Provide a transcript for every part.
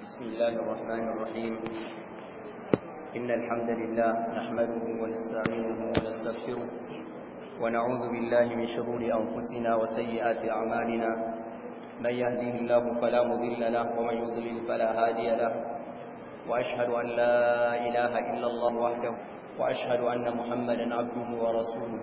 بسم الله الرحمن الرحيم إن الحمد لله نحمده ونستعينه ونستغفره ونعوذ بالله من شرور أنفسنا وسيئات أعمالنا من يهديه الله فلا مضل له ومن يضلل فلا هادي له وأشهد أن لا إله إلا الله وحده وأشهد أن محمدا عبده ورسوله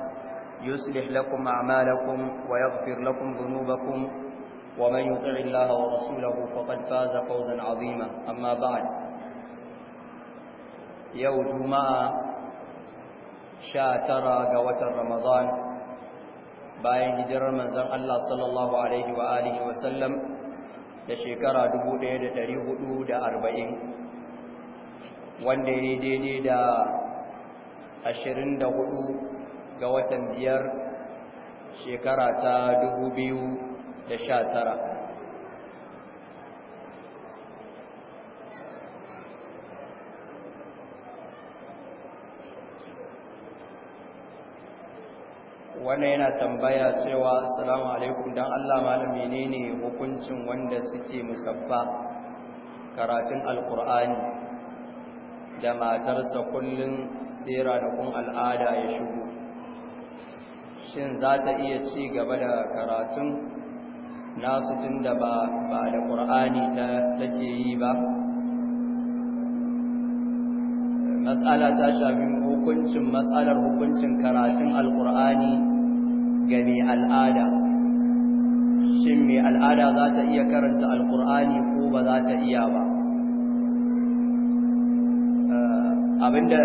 يصلح لكم أعمالكم ويغفر لكم ذنوبكم ومن يطع الله ورسوله فقد فاز فوزا عظيما أما بعد يوم جمعة شاترا قوة رمضان باين هجر منزل الله صلى الله عليه وآله وسلم da shekara 1440 wanda ya daidai da 24 ga watan biyar shekara ta dubu biyu da sha tara wannan yana tambaya cewa Salamu alaikum don allah malami ne ne hukuncin wanda suke musabba karatun alkur'ani da matarsa kullum tsira da kun al'ada ya shigo shin za ta iya ci gaba da karatun nasu tun da ba da ƙur'ani take yi ba matsala ta shafi hukuncin matsalar hukuncin karatun alƙur'ani ga mai al'ada shin mai al'ada za ta iya karanta alƙur'ani ko ba za ta iya ba eh, abinda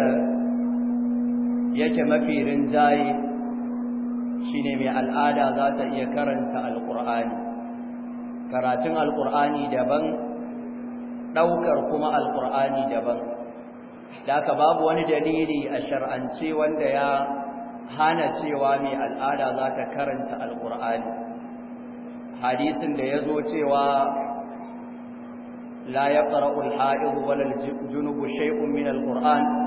yake mafi rinjaye shine mai al'ada za ta iya karanta Al'ƙur'ani? karatun Al'ƙur'ani daban ɗaukar kuma Al'ƙur'ani daban haka babu wani dalili a shar'ance wanda ya hana cewa mai al'ada za ta karanta Al'ƙur'ani? hadisin da ya zo cewa la yaqra'u wala junubu shay'un min Al'ƙur'ani.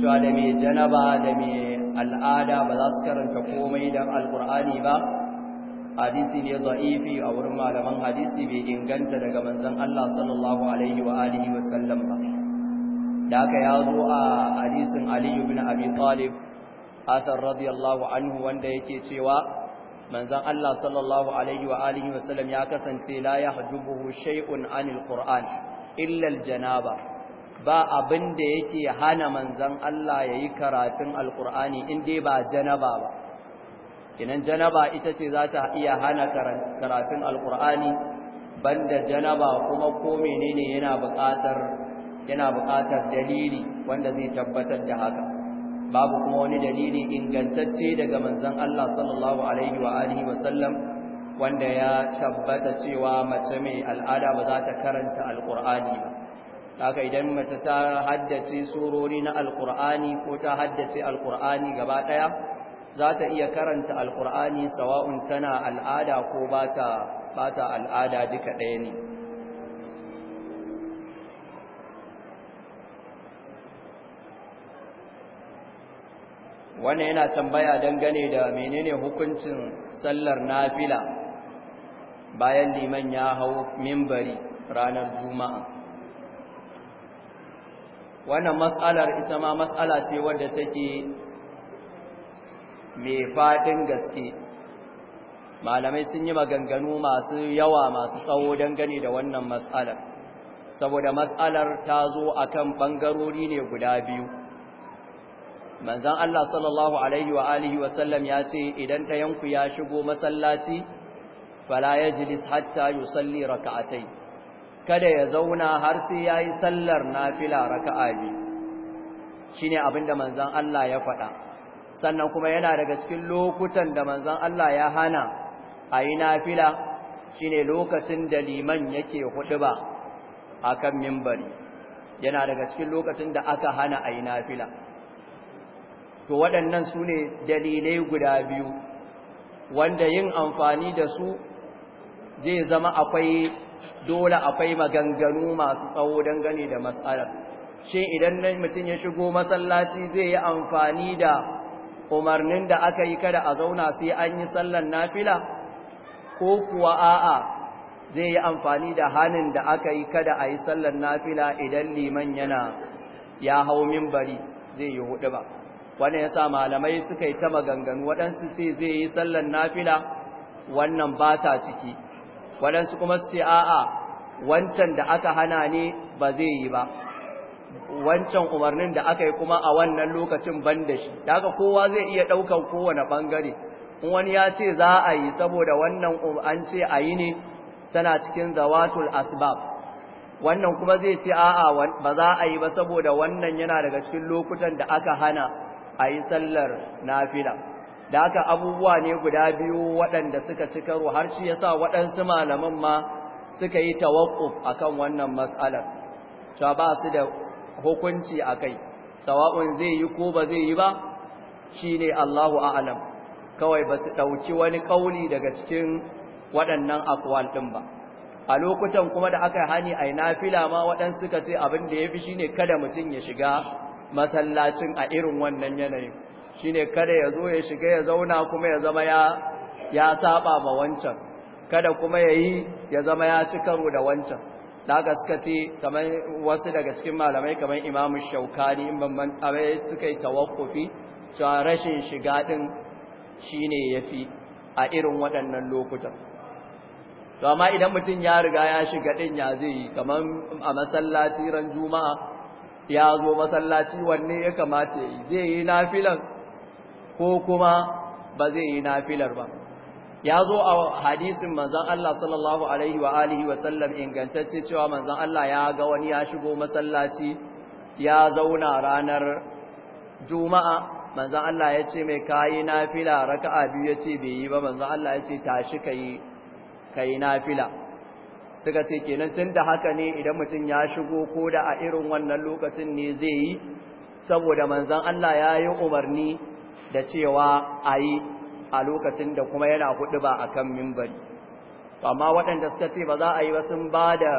cewa da mai janaba da mai al'ada ba za su karanta komai da alkur'ani ba hadisi ne za'ifi a wurin malaman hadisi bai inganta daga manzan Allah sallallahu alaihi wa alihi wa sallam ba da aka ya zo a hadisin Ali ibn Abi Talib athar radiyallahu anhu wanda yake cewa manzan Allah sallallahu alaihi wa alihi wa sallam ya kasance la yahjubuhu shay'un anil qur'an illa al janaba ba abin da yake hana manzan Allah ya yi karatun Alƙur'ani in dai ba janaba ba inan janaba ita ce za ta iya hana karatun Alƙur'ani. banda janaba kuma ko menene yana buƙatar yana buƙatar dalili wanda zai tabbatar da haka babu kuma wani dalili ingantacce daga manzan Allah sallallahu alaihi wa alihi wasallam wanda ya tabbata cewa mace mai al'ada ba za ta karanta Alƙur'ani ba haka idan mace ta haddace surori na alkur'ani ko ta haddace alkur'ani gaba ɗaya za ta iya karanta alkur'ani sawa'un tana al'ada ko ba ta al'ada duka ɗaya ne wannan yana tambaya dangane da menene hukuncin sallar nafila bayan liman ya hau mimbari ranar juma'a wannan matsalar ita ma matsala ce wadda take mai faɗin gaske malamai sun yi maganganu masu yawa masu tsawo dangane da wannan matsalar saboda matsalar ta zo a kan ɓangarori ne guda biyu manzan Allah sallallahu alaihi wa alihi wa sallam ya ce idan ɗayanku ya shigo masallaci fala ya jilis hatta salli raka'atai kada ya zauna har sai ya yi sallar nafila raka'a bi shi ne abinda manzan Allah ya faɗa sannan kuma yana daga cikin lokutan da manzan Allah ya hana a yi nafila shi ne lokacin da liman yake huɗuba a kan mimbari yana daga cikin lokacin da aka hana a yi nafila to waɗannan su ne dalilai guda biyu wanda yin amfani da su zai zama akwai dole akwai maganganu masu tsawo dangane da matsalar shin idan mutum ya shigo masallaci zai yi amfani da umarnin da aka yi kada a zauna sai an yi sallan nafila ko kuwa a'a zai yi amfani da hannun da aka yi kada a yi sallar nafila idan liman yana ya hau mimbari zai yi hudu ba wannan sa malamai suka yi ta maganganu waɗansu ce zai yi sallar nafila wannan ba ta ciki waɗansu kuma su ce a'a wancan da aka hana ne ba zai yi ba wancan umarnin da aka yi kuma a wannan lokacin ban da shi daga kowa zai iya ɗaukar kowane ɓangare wani ya ce za a yi saboda wannan um, an ce a yi ne tana cikin zawatul asbab wannan kuma zai ce a'a ba za a yi ba saboda wannan yana daga cikin lokutan da aka hana a yi sallar nafila da haka abubuwa ne guda biyu waɗanda suka ci karo har shi ya sa waɗansu malaman ma suka yi a kan wannan mas'alar ta ba su da hukunci a kai sawa'un zai yi ko ba zai yi ba Shi ne, Allahu a'lam kawai ba su ɗauki wani ƙauni daga cikin waɗannan akwal ɗin ba a lokutan kuma da aka hani a ina fila ma waɗansu suka ce abin da ya fi shi ne kada mutum ya shiga masallacin a irin wannan yanayin Shi ne kada ya zo ya shiga ya zauna kuma ya zama ya saba ma wancan kada kuma ya yi ya zama ya ci karo da wancan daga suka ce kamar wasu daga cikin malamai kamar Imam Shaukani in ban abai suka yi tawakkufi cewa rashin shiga din ya fi a irin waɗannan lokutan to amma idan mutum ya riga ya shiga din ya zai yi kamar a masallaci ran juma'a ya zo masallaci wanne ya kamata ya yi zai yi nafilan ko kuma ba zai yi nafilar ba ya zo a hadisin manzan Allah sallallahu alaihi wa wa sallam ingantacce cewa manzan Allah ya ga wani ya shigo masallaci ya zauna ranar juma'a manzan Allah ya ce mai kayi nafila raka'a biyu ya ce bai yi ba manzan Allah ya ce tashi kayi kayi nafila suka ce kenan tun da haka ne idan mutum ya shigo ko da a irin wannan lokacin ne zai yi saboda manzan Allah ya yi umarni da cewa a yi a lokacin da kuma yana hudu ba a kan mimbari amma waɗanda suka ce ba za a yi ba sun ba da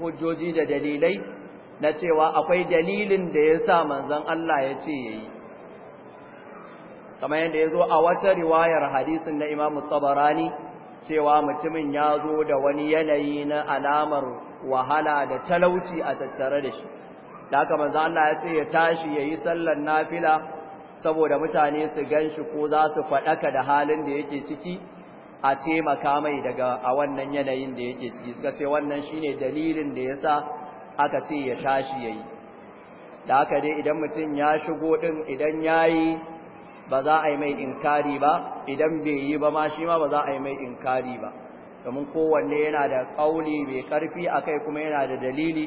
hujjoji da dalilai na cewa akwai dalilin da ya sa manzon Allah ya ce ya yi kamar yadda ya zo a wata riwayar hadisin na imamu tsabarani cewa mutumin ya zo da wani yanayi na alamar wahala da talauci a tattare da shi da aka manzan Allah ya ce ya tashi ya yi sallar nafila saboda mutane su gan shi ko za su faɗaka da halin da yake ciki a taimaka mai daga a wannan yanayin da yake ciki suka ce wannan shine dalilin da ya sa aka ce ya tashi yayi da haka dai idan mutum ya shigo ɗin idan yayi ba za a yi mai inkari ba idan bai yi ba ma shi ma ba za a yi mai inkari ba domin kowanne yana da kauli mai karfi kai kuma yana da dalili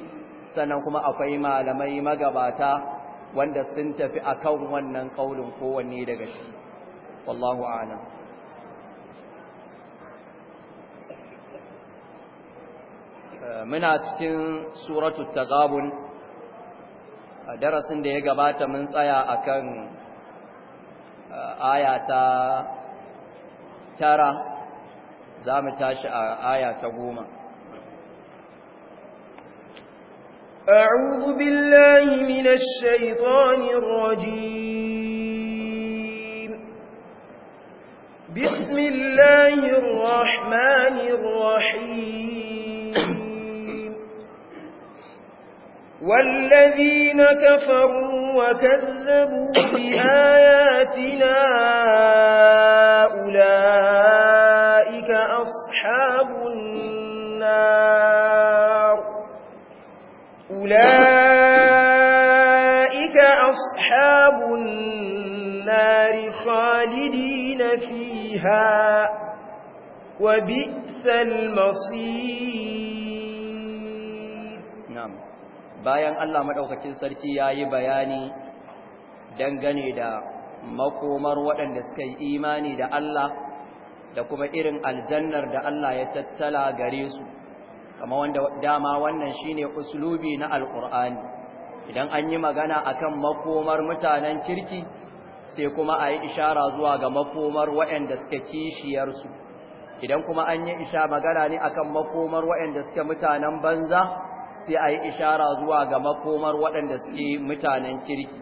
sannan kuma akwai malamai magabata wanda sun tafi a kan wannan kaulin kowanne daga shi wallahu a'lam eh, muna cikin suratu tagabun a darasin da ya gabata mun tsaya a kan eh, ta tara za mu tashi a aya ta goma أعوذ بالله من الشيطان الرجيم بسم الله الرحمن الرحيم والذين كفروا وكذبوا بآياتنا أولئك أصحاب النار أولئك أصحاب النار خالدين فيها وبئس المصير نعم bayan Allah madaukakin sarki yayi bayani dangane da makomar waɗanda suka yi imani da Allah da kuma irin aljannar da Allah ya tattala gare su kama wanda dama wannan shine uslubi na alqur'ani idan an yi magana akan makomar mutanen kirki sai kuma a yi ishara zuwa ga makomar waɗanda suke kishiyarsu idan kuma an yi isha magana ne akan makomar waɗanda suke mutanen banza sai a yi ishara zuwa ga makomar waɗanda suke mutanen kirki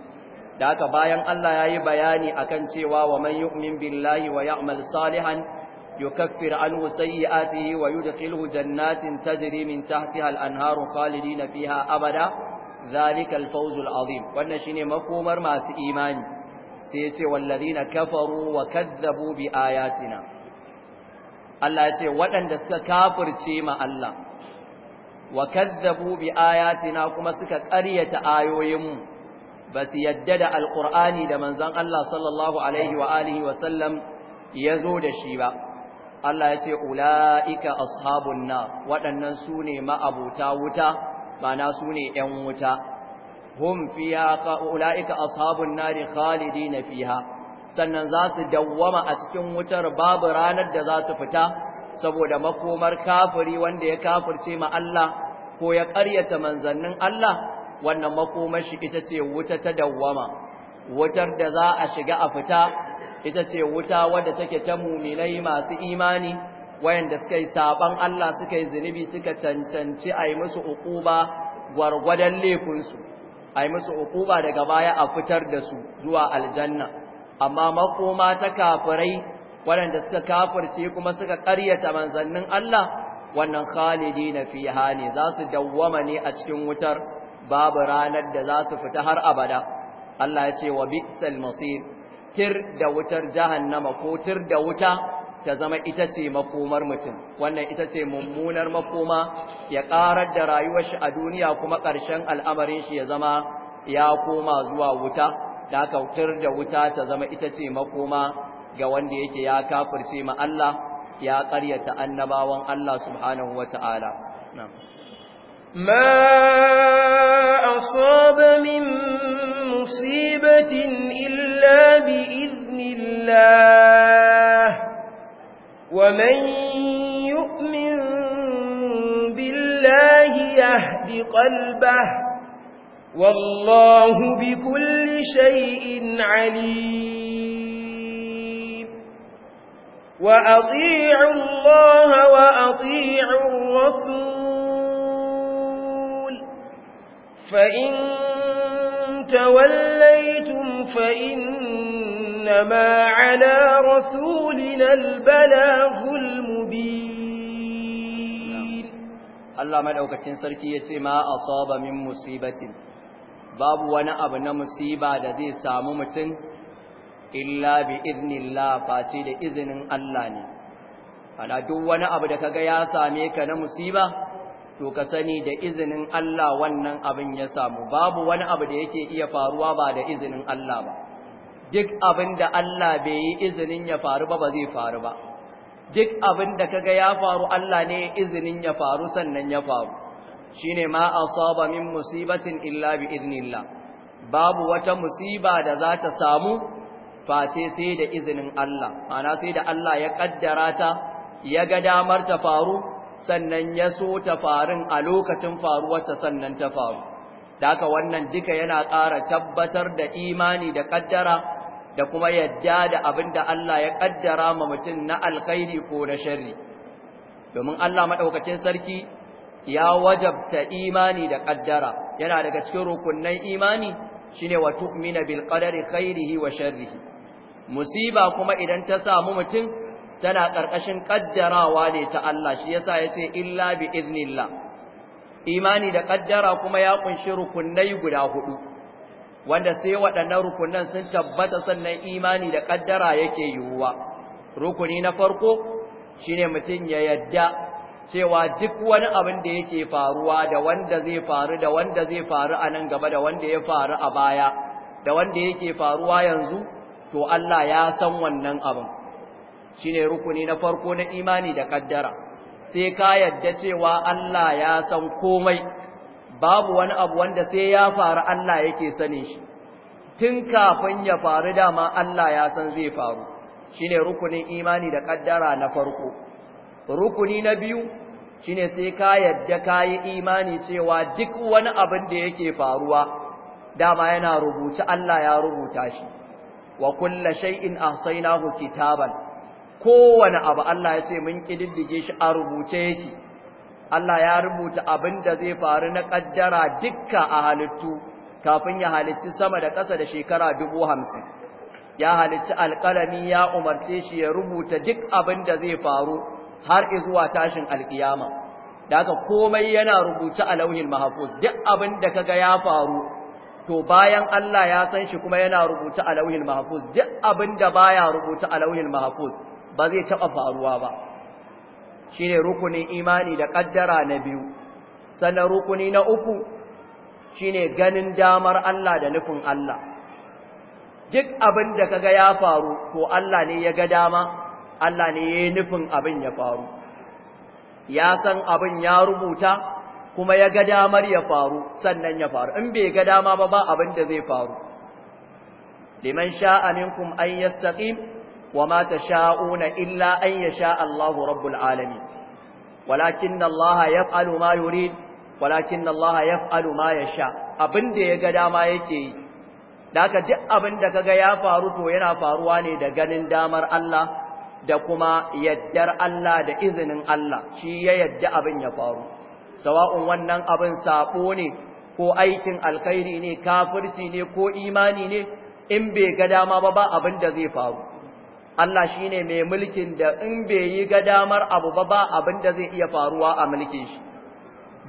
da haka bayan Allah ya yi bayani akan cewa wa man yu'min billahi wa ya'mal salihan يكفر عنه سيئاته ويدخله جنات تجري من تحتها الأنهار خالدين فيها أبدا ذلك الفوز العظيم والنشين مفهومر ما سيئماني سيئتي والذين كفروا وكذبوا بآياتنا الله يتي ولن دسك كافر تيما الله وكذبوا بآياتنا كما سكك أرية آيو يمو بس يدد القرآن لمن زن الله صلى الله عليه وآله وسلم يزود الشيبا Allah ya ce ula'ika ashabun na waɗannan su ne ma'abuta wuta ma'ana su ne ‘yan wuta hum fiha ula'ika ashabun nari na fiha sannan za su dawwama a cikin wutar babu ranar da za su fita saboda makomar kafiri wanda ya kafirce ma Allah ko ya ƙaryata manzannin Allah wannan makomar shi ita ce wuta ta dawwama wutar da za a shiga a fita ita ce wuta wadda take ta muminai masu imani wayanda suka yi saban Allah suka yi zunubi suka cancanci a yi musu ukuba gwargwadon laifinsu a yi musu ukuba daga baya a fitar da su zuwa aljanna amma makoma ta kafirai waɗanda suka kafirce kuma suka karyata manzannin Allah wannan khalidi na fi ne za su dawwama ne a cikin wutar babu ranar da za su fita har abada Allah ya ce wa bi'sal masir tir da wutar jahannama ko tir da wuta ta zama ita ce makomar mutum wannan ita ce mummunar makoma ya karar da rayuwar shi a duniya kuma ƙarshen al'amarin shi ya zama ya koma zuwa wuta da tir da wuta ta zama ita ce makoma ga wanda yake ya kafirce ma Allah ya ƙaryata annabawan Allah subhanahu wata'ala ma asaba min مصيبة إلا بإذن الله ومن يؤمن بالله يهد قلبه والله بكل شيء عليم وأطيعوا الله وأطيعوا الرسول فإن توليتم فإنما على رسولنا البلاغ المبين الله مدعوكتين سركي يتما أصاب من مصيبة باب ونأبن مصيبة الذي ساممتن إلا بإذن الله فاتي لإذن الله ne ana duk wani abu da kaga ya same ka na musiba to ka sani da izinin Allah wannan abin ya samu babu wani abu da yake iya faruwa ba da izinin Allah ba duk abin da Allah bai yi izinin ya faru ba ba zai faru ba duk abin da kaga ya faru Allah ne izinin ya faru sannan ya faru shine ma asaba min musibatin illa bi idnillah babu wata musiba da za ta samu face sai da izinin Allah ana sai da Allah ya kaddara ta ya ga damar ta faru sannan ya so ta farin a lokacin faruwarta sannan ta faru daga wannan duka yana ƙara tabbatar da imani da ƙaddara da kuma yadda da abin da Allah ya ƙaddara ma mutum na alkhairi ko na sharri domin Allah maɗaukacin sarki ya wajabta imani da ƙaddara yana daga cikin rukunnan imani shine wa tu'mina bil qadari khairihi wa sharrihi musiba kuma idan ta samu mutum tana ƙarƙashin ƙaddarawa ne ta Allah shi yasa ya ce illa bi iznillah imani da ƙaddara kuma ya kunshi rukunai guda hudu wanda sai waɗannan rukunan sun tabbata sannan imani da ƙaddara yake yiwuwa rukuni na farko shine mutum ya yadda cewa duk wani abin da yake faruwa da wanda zai faru da wanda zai faru a nan gaba da wanda ya faru a baya da wanda yake faruwa yanzu to Allah ya san wannan abin shine rukuni na farko na imani da kaddara sai ka yadda cewa Allah ya san komai babu wani abu wanda sai ya faru Allah yake sanin shi tun kafin ya faru dama Allah ya san zai faru shine rukunin imani da kaddara na farko rukuni na biyu shine sai ka yadda kayi imani cewa duk wani abin da yake faruwa dama yana rubuta Allah ya rubuta shi wa kullu shay'in ahsaynahu kitaban kowane abu Allah ya ce mun kididdige shi a rubuce yake Allah ya rubuta abin da zai faru na kaddara dukkan a halittu kafin ya halicci sama da ƙasa da shekara dubu hamsin ya halicci alƙalami ya umarce shi ya rubuta duk abin da zai faru har zuwa tashin alƙiyama da komai yana rubuce a lauhin mahfuz duk abin da kaga ya faru to bayan Allah ya san shi kuma yana rubuce a lauhin mahfuz duk abin da baya rubuce a lauhin mahafuz ba zai taɓa faruwa ba Shi ne rukunin imani da ƙaddara na biyu sannan rukuni na uku shi ne ganin damar Allah da nufin Allah duk abin da kaga ya faru ko Allah ne ya ga dama Allah ne ya yi nufin abin ya faru ya san abin ya rubuta kuma ya ga damar ya faru sannan ya faru in bai ga dama ba ba abin da zai faru liman sha'anin minkum an yastaqim وما تشاءون إلا أن يشاء الله رب العالمين ولكن الله يفعل ما يريد ولكن الله يفعل ما يشاء abin da ya ga dama yake yi daga duk abin da kaga ya faru to yana faruwa ne da ganin damar Allah da kuma yaddar Allah da izinin Allah shi ya yadda abin ya faru sawa'un wannan abin sabo ne ko aikin alkhairi ne kafirci ne ko imani ne in bai ga dama ba ba abin da zai faru Allah shi ne mai mulkin da in bai yi ga damar abu ba ba abin da zai iya faruwa a mulkin shi,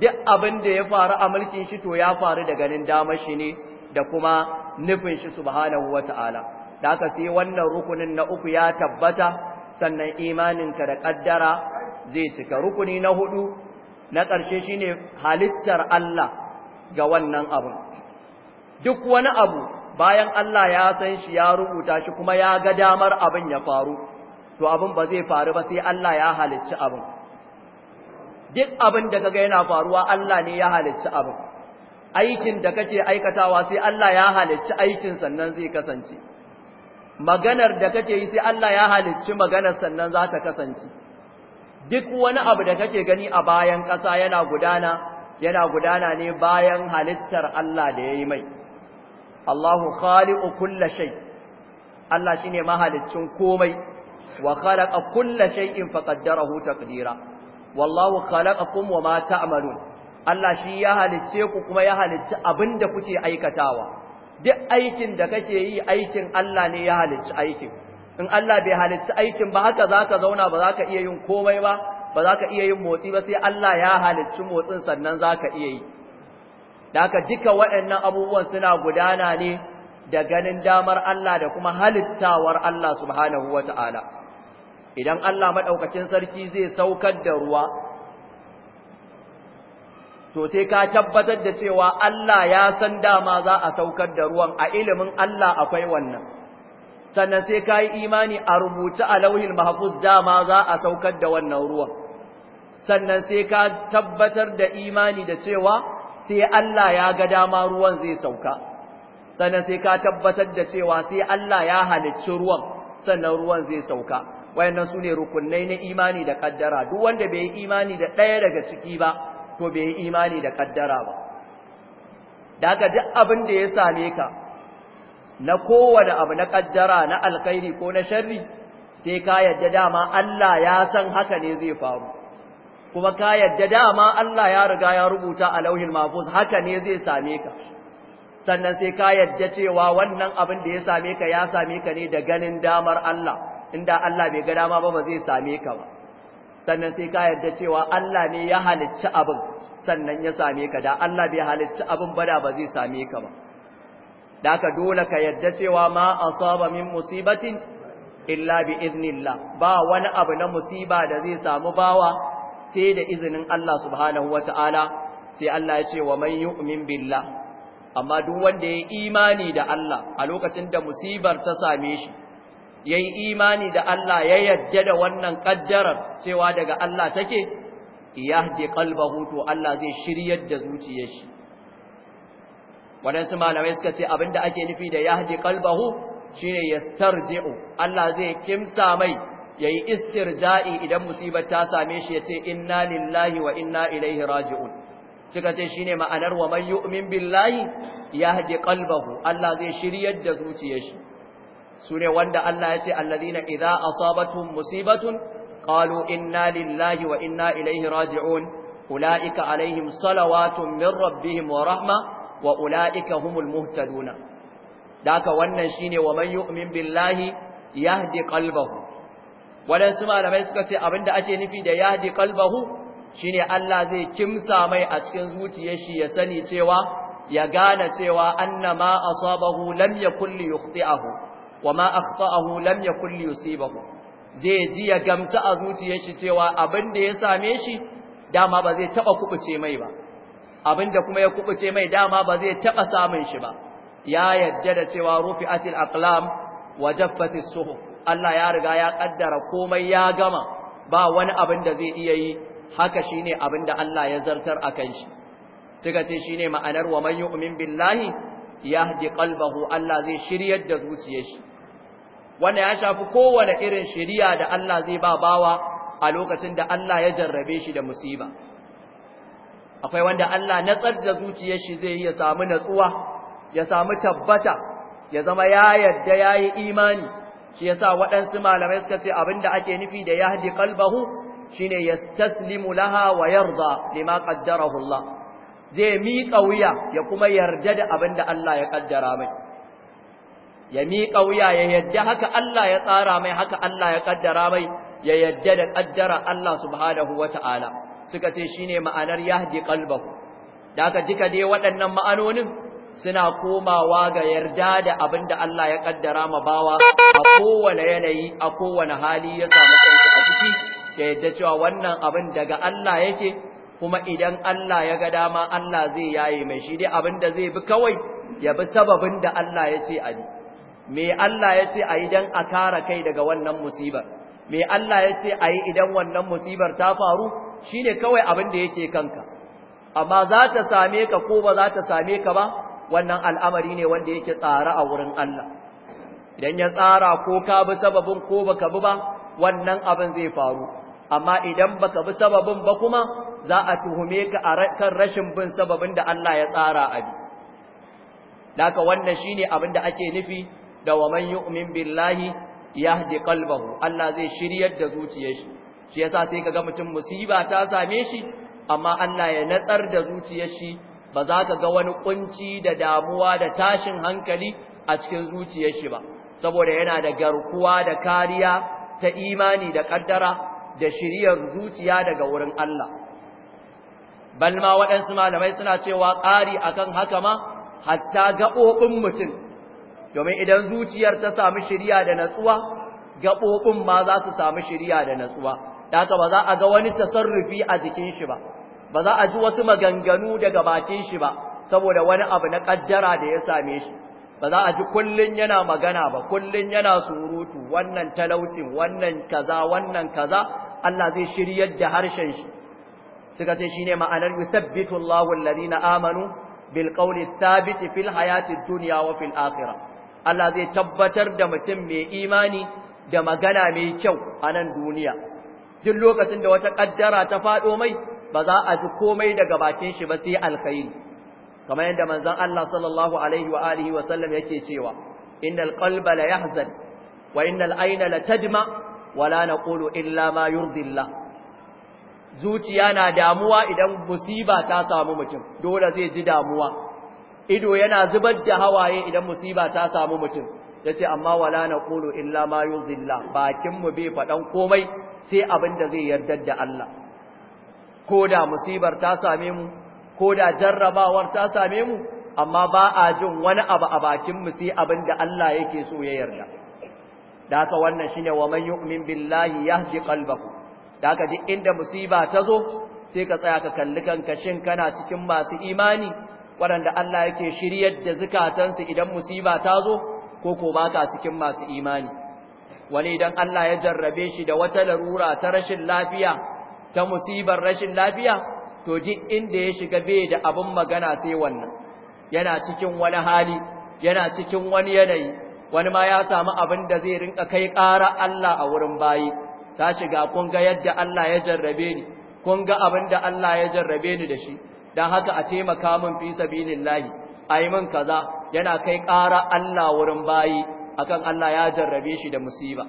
duk abin da ya faru a mulkin shi to ya faru da ganin damar shi ne da kuma nufin shi subhanahu wa ta'ala, da aka sai wannan rukunin na uku ya tabbata sannan imaninka da ƙaddara zai cika rukuni na hudu na ƙarshe shi ne halittar Allah ga wannan abin. Duk wani abu bayan Allah ya san shi ya rubuta shi kuma ya ga damar abin ya faru to abin ba zai faru ba sai Allah ya halicci abin duk abin da kaga yana faruwa Allah ne ya halicci abin aikin da kake aikatawa sai Allah ya halicci aikin sannan zai kasance maganar da kake yi sai Allah ya halicci maganar sannan za ta kasance duk wani abu da kake gani a bayan ƙasa yana gudana yana gudana ne bayan halittar Allah da ya yi mai Allahu khaliqu kulli shay Allah shine mahaliccin komai wa khalaqa kulli shay'in faqaddarahu taqdira wallahu khalaqakum wa ma ta'malun Allah shi ya halicce ku kuma ya halicci abinda kuke aikatawa duk aikin da kake yi aikin Allah ne ya halicci aikin in Allah bai halicci aikin ba haka zaka zauna ba zaka iya yin komai ba ba zaka iya yin motsi ba sai Allah ya halicci motsin sannan zaka iya yi da haka duka waɗannan abubuwan suna gudana ne da ganin damar Allah da kuma halittawar Allah subhanahu wata'ala idan Allah madaukakin sarki zai saukar da ruwa to sai ka tabbatar da cewa Allah ya san dama za a saukar da ruwan a ilimin Allah akwai wannan sannan sai ka yi imani a rubuta a lauhin mahfuz dama za a saukar da wannan ruwan sannan sai ka tabbatar da imani da cewa sai Allah ya ga dama ruwan zai sauka sannan sai ka tabbatar da cewa sai Allah ya halicci ruwan sannan ruwan zai sauka wayannan sune rukunai na imani da kaddara duk wanda bai yi imani da ɗaya daga ciki ba to bai yi imani da kaddara ba daga duk abin da ya same ka na kowane abu na kaddara na alkhairi ko na sharri sai ka yadda dama Allah ya san haka ne zai faru kuma ka yadda dama Allah ya riga ya rubuta a lauhin mafuz haka ne zai same ka sannan sai ka yadda cewa wannan abin da ya same ka ya same ka ne da ganin damar Allah inda Allah bai ga dama ba ba zai same ka ba sannan sai ka yadda cewa Allah ne ya halicci abin sannan ya same ka da Allah bai halicci abin ba da ba zai same ka ba da ka dole ka yadda cewa ma asaba min musibatin illa bi idnillah ba wani abu na musiba da zai samu bawa sai da izinin Allah subhanahu wa Ta'ala, sai Allah ya ce wa man yu'min billah amma duk wanda ya imani da Allah a lokacin da musibar ta same shi yayi imani da Allah ya yadda da wannan kaddarar cewa daga Allah take yahdi qalbahu to Allah zai shiryar da zuciyar shi wadansu malamai suka ce abinda ake nufi da yahdi qalbahu shine yastarji'u Allah zai kimsa mai yayi istirja'i idan musibar ta same shi yace inna lillahi wa inna ilaihi raji'un suka ce shine ma'anar wa man yu'min billahi yahdi qalbahu Allah zai shiryar da zuciyar shi sune wanda Allah yace alladhina idza asabatuhum musibatun qalu inna lillahi wa inna ilaihi raji'un ulaika alaihim salawatun min rabbihim wa rahma wa ulaika humul muhtaduna daka wannan shine wa man yu'min billahi yahdi qalbahu waɗansu malamai suka ce abinda ake nufi da yahdi Shi shine Allah zai kimsa mai a cikin zuciyar shi ya sani cewa ya gane cewa annama asabahu lam yakul yukhti'ahu wama akhta'ahu lam yakul yusibahu zai ji ya gamsa a zuciyar shi cewa abinda ya same shi dama ba zai taba kubuce mai ba abinda kuma ya kubuce mai dama ba zai taɓa samun shi ba ya yadda da cewa rufi'atil aqlam wa jaffatis suhuf Allah ya riga ya kaddara komai ya gama ba wani abin da zai iya yi haka shine abin da Allah ya zartar akan shi suka ce shine ma'anar wa man yu'min billahi yahdi qalbahu Allah zai shiryar da zuciyar shi wanda ya shafi kowane irin shiriya da Allah zai ba bawa a lokacin da Allah ya jarrabe shi da musiba akwai wanda Allah natsar da zuciyar shi zai ya samu natsuwa ya samu tabbata ya zama ya yarda yayi imani shi yasa waɗansu malamai suka ce da ake nufi da yahdi ne ya yastaslimu laha wa yarda lima qaddarahu zai miƙa wuya ya kuma yarda da da Allah ya ƙaddara mai ya miƙa wuya ya yarda haka Allah ya tsara mai haka Allah ya ƙaddara mai ya yarda da ƙaddara Allah subhanahu Ta'ala, suka ce shine ma'anar yahdi ƙalbahu. da haka duka dai waɗannan ma'anonin suna komawa ga yarda da abin da Allah ya kaddara ma bawa a kowane yanayi a kowane hali ya samu kansa da yadda cewa wannan abin daga Allah yake kuma idan Allah ya ga dama Allah zai yaye mai shi dai abin da zai bi kawai ya bi sababin da Allah ya ce a bi me Allah ya ce a yi dan a kare kai daga wannan musibar me Allah ya ce a yi idan wannan musibar ta faru shine kawai abin da yake kanka amma za ta same ka ko ba za ta same ka ba wannan al'amari ne wanda yake tsara a wurin Allah idan ya tsara ko ka bi sababin ko baka bi ba wannan abin zai faru amma idan baka bi sababin ba kuma za a tuhume ka a kan rashin bin sababin da Allah ya tsara a bi daga wannan shine abin da ake nufi da wa man yu'min billahi yahdi qalbahu Allah zai shiryar da zuciyar shi shi yasa sai kaga mutum musiba ta same shi amma Allah ya natsar da zuciyar shi ba za ka ga wani kunci da damuwa da tashin hankali a cikin zuciyar shi ba saboda yana da garkuwa da kariya ta imani da kaddara da shiriyar zuciya daga wurin Allah bal ma waɗansu malamai suna cewa ƙari akan haka ma hatta gaɓoɓin mutum domin idan zuciyar ta samu shiriya da natsuwa gaɓoɓin ma za su samu shiriya da natsuwa da haka ba za a ga wani tasarrufi a jikin shi ba ba za a ji wasu maganganu daga bakin shi ba saboda wani abu na kaddara da ya same shi ba za a ji kullun yana magana ba kullun yana surutu wannan talaucin wannan kaza wannan kaza Allah zai shiryar da harshen shi suka ce shine ma'anar yusabbitu Allahu alladhina amanu bil qawli thabit fil hayati dunya wa fil akhirah Allah zai tabbatar da mutum mai imani da magana mai kyau a nan duniya duk lokacin da wata kaddara ta fado mai ba za a ji komai daga bakin shi ba sai alkhairi kamar yadda manzon Allah sallallahu alaihi wa alihi wa sallam yake cewa innal qalba la yahzan wa innal ayna la tadma wa la naqulu illa ma yurdillah zuciya na damuwa idan musiba ta samu mutum dole zai ji damuwa ido yana zubar da hawaye idan musiba ta samu mutum yace amma wala naqulu illa ma yuzilla bakin mu bai fadan komai sai abin da zai yarda da Allah ko da musibar ta same mu ko da jarrabawar ta same mu amma ba a jin wani abu a bakin mu sai abin da Allah yake so ya yarda da haka wannan shine wa man yu'min billahi yahdi qalbahu da haka duk inda musiba ta zo sai ka tsaya ka kalli kanka shin kana cikin masu imani waɗanda Allah yake shiryar da su idan musiba ta zo ko ko ka cikin masu imani wani idan Allah ya jarrabe shi da wata larura ta rashin lafiya ta musibar rashin lafiya to duk inda ya shiga bai da abin magana sai wannan yana cikin wani hali yana cikin wani yanayi wani ma ya samu abin da zai rinka kai ƙara Allah a wurin bayi ta shiga kun ga yadda Allah ya jarrabe ni kun ga abin da Allah ya jarrabe ni da shi dan haka a taimaka min fi sabilillahi ayi min kaza yana kai ƙara Allah wurin bayi akan Allah ya jarrabe shi da musiba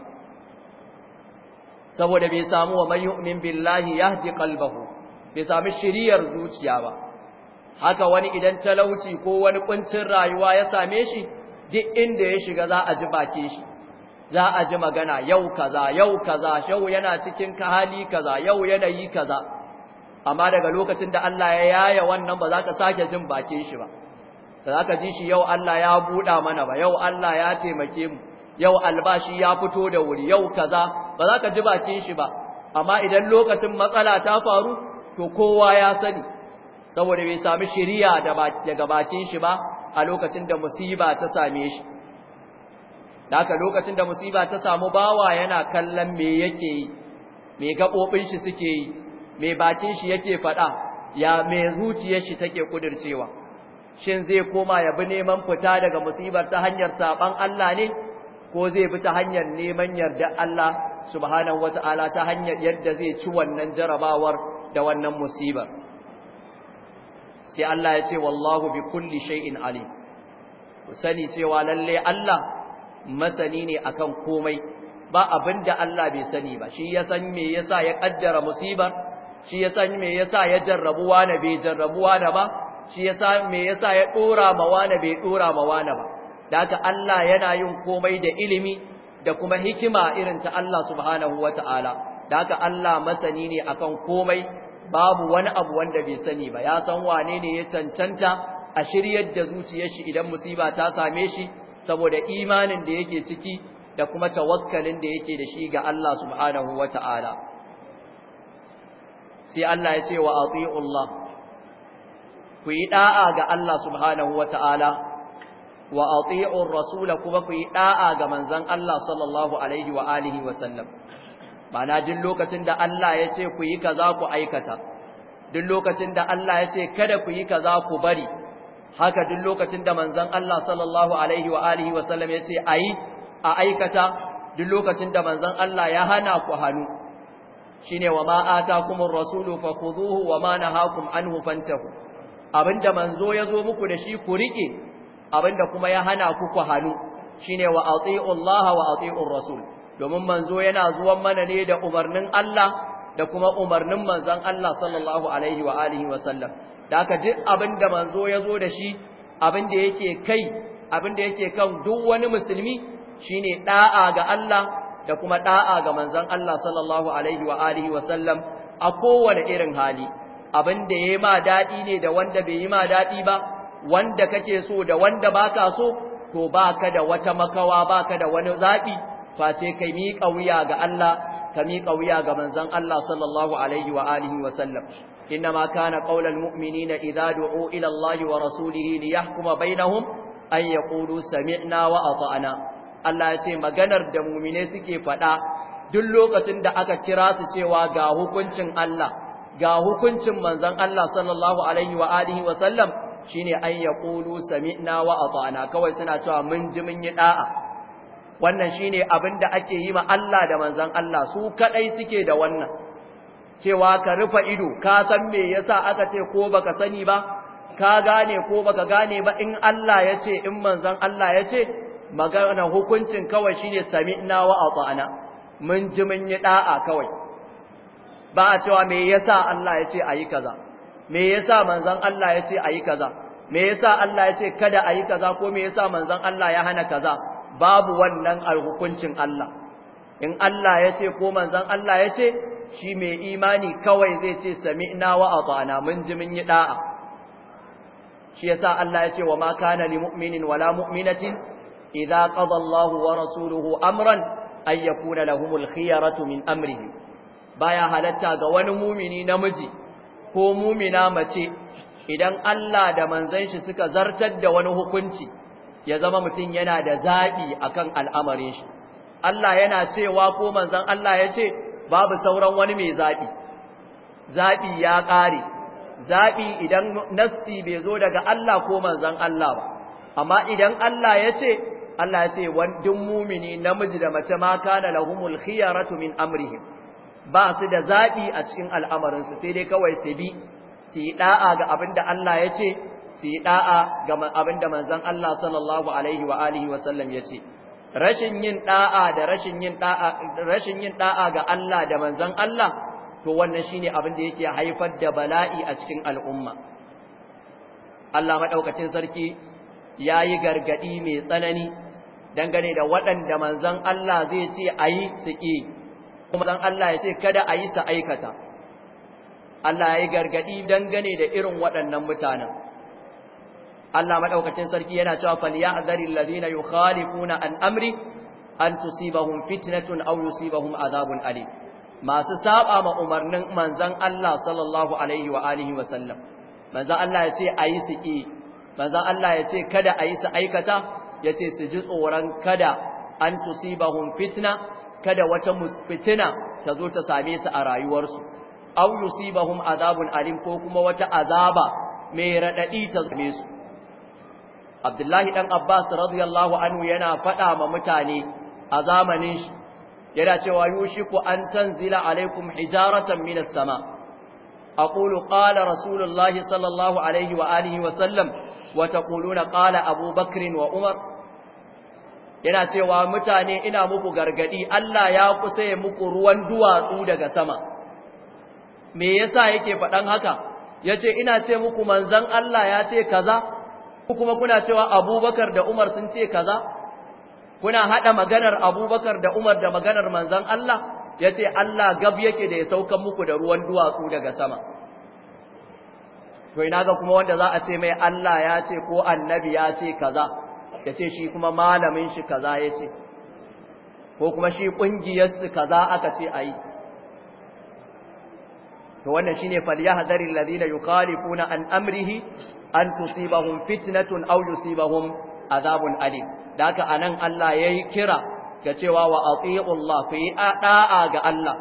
saboda bai samu wa man billahi yahdi qalbahu bai sami shiriyar zuciya ba haka wani idan talauci ko wani ƙuncin rayuwa ya same shi duk inda ya shiga za a ji bake shi za a ji magana yau kaza yau kaza yau yana cikin hali kaza yau yanayi kaza amma daga lokacin da Allah ya yaya wannan ba za ka sake jin bakin shi ba ba za ka ji shi yau Allah ya buɗa mana ba yau Allah ya taimake mu yau albashi ya fito da wuri yau kaza ba za ka ji bakin shi ba amma idan lokacin matsala ta faru to kowa ya sani saboda bai sami shiriya daga bakin shi ba a lokacin da musiba ta same shi da lokacin da musiba ta samu bawa yana kallon me yake yi me gaɓoɓin shi suke yi me bakin shi yake faɗa ya me zuciyar shi take kudircewa shin zai koma ya bi neman fita daga musibar ta hanyar saban Allah ne ko zai bi ta hanyar neman yarda Allah subhanahu wata'ala ta hanyar yadda zai ci wannan jarabawar da wannan musibar sai Allah ya ce wallahu bi kulli shay'in alim ku sani cewa lalle Allah masani ne akan komai ba abinda Allah bai sani ba shi ya san me yasa ya kaddara musibar shi ya san me yasa ya jarrabu na bai jarrabu na ba shi yasa me yasa ya dora ma wani bai dora ma wani ba da haka Allah yana yin komai da ilimi da kuma hikima irin ta Allah subhanahu wata'ala da haka Allah masani ne akan komai babu wani abu wanda bai sani ba ya san wane ne ya cancanta a shiryar da zuciyar shi idan musiba ta same shi saboda imanin da yake ciki da kuma tawakkalin da yake da shi ga Allah subhanahu wata'ala sai Allah ya ce wa ati'ullah ku yi da'a ga Allah subhanahu wata'ala wa ati'ur rasula kuma ku yi da'a ga manzon Allah sallallahu alaihi wa alihi wa sallam Bana duk lokacin da Allah ya ce ku yi kaza ku aikata duk lokacin da Allah ya ce kada ku yi kaza ku bari haka duk lokacin da manzon Allah sallallahu alaihi wa alihi wa sallam ya ce ayi a aikata duk lokacin da manzon Allah ya hana ku hanu shine wa ma atakumur fa fakhuduhu wa ma nahakum anhu fantahu abinda manzo ya zo muku da shi ku riƙe. abinda kuma ya hana ku ku hannu shine wa ati'u Allah wa ati'ur rasul domin manzo yana zuwan mana ne da umarnin Allah da kuma umarnin manzon Allah sallallahu alaihi wa alihi wa sallam da duk abinda manzo ya zo da shi abinda yake kai abinda yake kan duk wani musulmi shine da'a ga Allah da kuma da'a ga manzon Allah sallallahu alaihi wa alihi wa sallam a kowane irin hali abinda da ma daɗi ne da wanda bai yi ma daɗi ba wanda kake so da wanda baka so to baka da wata makawa baka da wani zabi face kai miƙa wuya ga Allah ka miƙa wuya ga manzon Allah sallallahu alaihi wa alihi wa sallam إنما كان قول المؤمنين إذا دعوا إلى الله ورسوله ليحكم بينهم أن يقولوا سمعنا وأطعنا Allah ya ce maganar da mumine suke faɗa duk lokacin da aka kira su cewa ga hukuncin Allah ga hukuncin manzon Allah sallallahu alaihi wa alihi wa sallam shine an yaqulu sami'na wa ata'na kawai suna cewa mun ji mun yi da'a wannan shine abin da ake yi ma Allah da manzon Allah su kaɗai suke da wannan cewa ka rufa ido ka san me yasa aka ce ko baka sani ba ka gane ko baka gane ba in Allah ya ce in manzon Allah ya ce magana hukuncin kawai shine sami'na wa ata'na mun ji mun yi da'a kawai ba a cewa me yasa Allah ya ce yi kaza me yasa manzon Allah ya ce ayi kaza me yasa Allah ya ce kada ayi kaza ko me yasa manzon Allah ya hana kaza babu wannan alhukuncin Allah in Allah ya ce ko manzon Allah ya ce shi mai imani kawai zai ce sami'na wa ata'na mun ji mun yi da'a shi yasa Allah ya ce wa ma kana li mu'minin wala mu'minatin idza qada Allahu wa rasuluhu amran ay yakuna lahumul khiyaratu min amrihim baya halatta ga wani mumini namiji ko mumina mace idan Allah da manzon shi suka zartar da wani hukunci ya zama mutum yana da zaɓi akan al'amarin shi Allah yana cewa ko manzon Allah ya ce babu sauran wani mai zaɓi zaɓi ya ƙare zaɓi idan nassi bai zo daga Allah ko manzon Allah ba amma idan Allah ya ce Allah ya ce duk mumini namiji da mace ma kana lahumul khiyaratu min amrihim ba su da zaɓi a cikin al'amarinsu sai dai kawai su bi su yi ɗa'a ga abin da Allah ya ce su yi ɗa'a ga abin da manzan Allah sallallahu alaihi wa alihi wa sallam ya ce rashin yin ɗa'a da rashin yin ɗa'a ga Allah da manzan Allah to wannan shi ne abin da yake haifar da bala'i a cikin al'umma Allah maɗaukacin sarki ya yi gargaɗi mai tsanani dangane da waɗanda manzan Allah zai ce ayi su ƙi kuma dan Allah ya ce kada a yi sa aikata Allah ya yi gargadi dangane da irin waɗannan mutanen Allah madaukakin sarki yana cewa falyahzaril ladina yukhalifuna an amri an tusibahum fitnatun aw yusibahum adhabun alim masu saba ma umarnin manzon Allah sallallahu alaihi wa alihi wa sallam manzon Allah ya ce ayi su yi manzon Allah ya ce kada ayi su aikata yace su ji tsoron kada an tusibahum fitna kada wata fitina ta zo ta same su a rayuwarsu aw yusibahum azabun alim ko kuma wata azaba mai radadi ta same su Abdullahi dan Abbas radiyallahu anhu yana faɗa ma mutane a zamanin shi yana cewa yushiku an tanzila alaikum hijaratan minas sama aqulu qala rasulullahi sallallahu alaihi wa alihi wa sallam wa taquluna qala abubakr wa umar yana cewa mutane ina muku gargadi Allah ya kusa ya muku ruwan duwatsu daga sama me yasa yake faɗan haka yace ina ce muku manzon Allah ya ce kaza kuma kuna cewa Abubakar da Umar sun ce kaza kuna hada maganar Abubakar da Umar da maganar manzon Allah yace Allah gab yake da ya saukan muku da ruwan duwatsu daga sama to ina ga kuma wanda za a ce mai Allah ya ce ko annabi ya ce kaza ya ce shi kuma malamin shi kaza ya ce ko kuma shi ƙungiyarsu kaza aka ce a yi to wannan shine falyahdharil ladina kuna an amrihi an tusibahum fitnatun aw yusibahum azabun Ali. da haka anan Allah yayi kira ga cewa wa atiiu Allah ku yi da'a ga Allah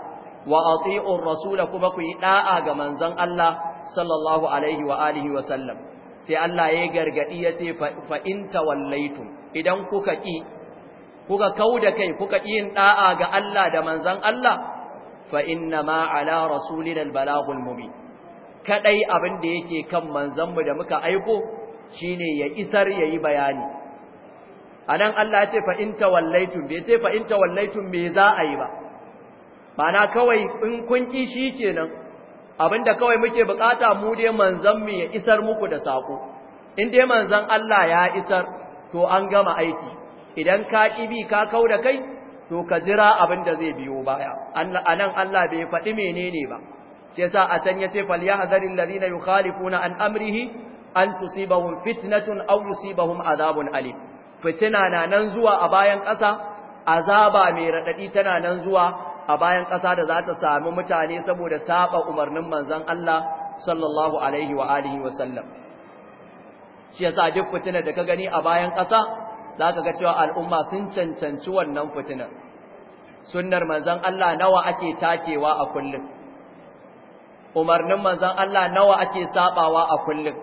wa atiiu kuma ku yi da'a ga manzon Allah sallallahu alaihi wa alihi wa sallam sai Allah ya gargadi ya ce fa in tawallaitum idan kuka ki kuka da kai kuka yin da'a ga Allah da manzon Allah fa inna ma ala rasulina albalagul mubin kadai abin da yake kan manzon mu da muka aiko shine ya isar yayi bayani anan Allah ya ce fa in tawallaitum bai ce fa in tawallaitum me za a yi ba bana kawai in kun ki kenan abinda kawai muke bukata mu dai manzon mu ya isar muku da sako in dai manzon Allah ya isar to an gama aiki idan ka kibi ka kau da kai to ka jira abinda zai biyo baya anan Allah bai faɗi menene ba sai sa a can yace falyahzaril ladina yukhalifuna an amrihi an tusibahum fitnatun aw yusibahum adabun alim fitina na nan zuwa a bayan ƙasa azaba mai radadi tana nan zuwa a bayan ƙasa da za ta sami mutane saboda saba umarnin manzan Allah sallallahu alaihi wa alihi wa sallam shi yasa duk fitinar da ka gani a bayan ƙasa za ka ga cewa al'umma sun cancanci wannan fitinar sunnar manzan Allah nawa ake takewa a kullum umarnin manzan Allah nawa ake sabawa a kullum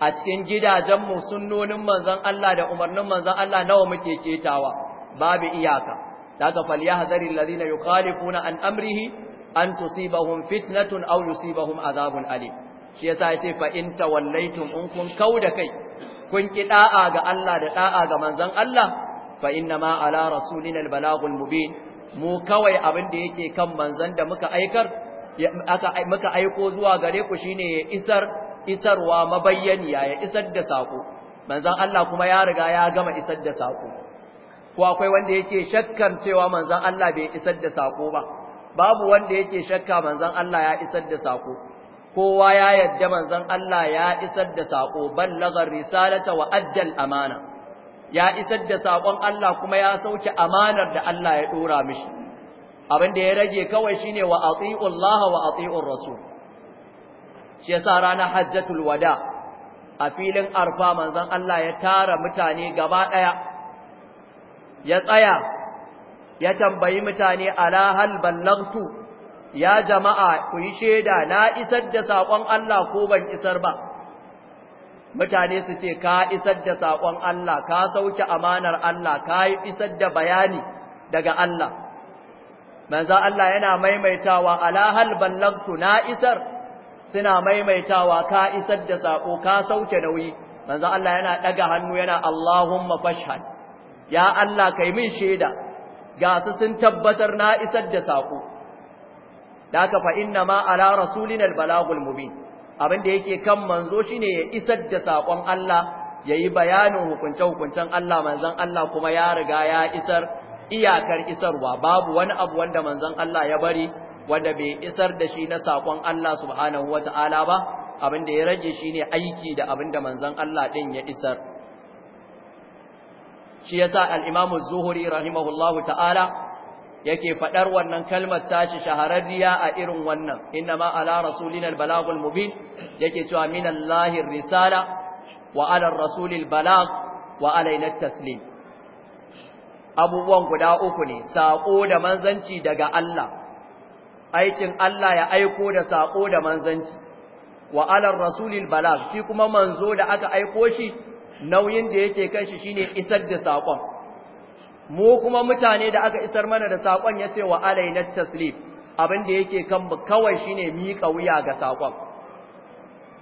a cikin gidajenmu sunnonin manzan Allah da umarnin manzan Allah nawa muke ketawa babu iyaka da ka falyahzari alladhina yukhalifuna an amrihi an tusibahum fitnatun aw yusibahum azabun alim shi yasa yace fa in tawallaitum in kun kauda kai kun ki da'a ga Allah da da'a ga manzon Allah fa inna ma ala rasulina albalagul mubin mu kawai abin da yake kan manzon da muka aikar muka aiko zuwa gare ku shine ya isar isarwa mabayyaniya ya isar da sako manzon Allah kuma ya riga ya gama isar da sako ko akwai wanda yake shakkan cewa manzon Allah bai isar da sako ba babu wanda yake shakka manzon Allah ya isar da sako kowa ya yadda manzon Allah ya isar da sako ballagar risalata wa addal amana ya isar da sakon Allah kuma ya sauke amanar da Allah ya dora mishi abin da ya rage kawai shine wa atiiu Allah wa atiiur rasul shi yasa ranar hajjatul wada a filin arfa manzon Allah ya tara mutane gaba daya ya tsaya ya tambayi mutane ala hal ballagtu ya jama'a ku yi sheda na isar da sakon Allah ko ban isar ba mutane su ce ka isar da sakon Allah ka sauke amanar Allah ka isar da bayani daga Allah manzo Allah yana maimaitawa ala hal ballagtu na isar suna maimaitawa ka isar da sako ka sauke nauyi manzo Allah yana daga hannu yana Allahumma fashhad ya Allah kai min shaida ga su sun tabbatar na isar da sako daka fa inna ma ala rasulina albalagul mubin abin da yake kan manzo shine ya isar da sakon Allah yayi bayanin hukunce hukuncen Allah manzon Allah kuma ya riga ya isar iyakar isarwa babu wani abu wanda manzon Allah ya bari wanda bai isar da shi na sakon Allah subhanahu wataala ba abin da ya rage shine aiki da abin da manzon Allah din ya isar shi yasa al-Imam az-Zuhri rahimahullahu ta'ala yake fadar wannan kalmar tashi shahararriya a irin wannan Inna ala rasulina al-balagul mubin yake cewa minallahi ar-risala wa ala ar-rasulil balagh wa alaina at-taslim abubuwan guda uku ne sako da manzanci daga Allah aikin Allah ya aiko da sako da manzanci wa ala ar-rasulil balagh shi kuma manzo da aka aiko shi nauyin da yake kan shi shine isar da sakon mu kuma mutane da aka isar mana da sakon ce wa alaina taslif abin da yake kan mu kawai shine miƙa wuya ga saƙon.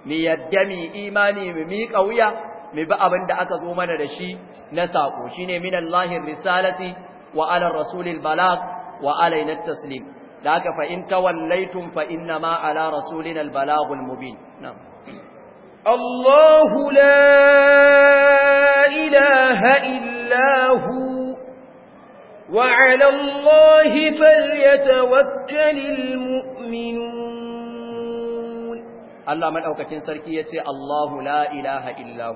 mi yadda mi imani mi miƙa wuya mi bi abin da aka zo mana da shi na sako shine minallahi risalati wa ala rasulil balagh wa alaina taslim da aka fa in tawallaitum fa inna ma ala rasulina al mubin na'am الله لا إله إلا هو وعلى الله فليتوكل المؤمنون الله من أوكاكين سركية الله لا إله إلا هو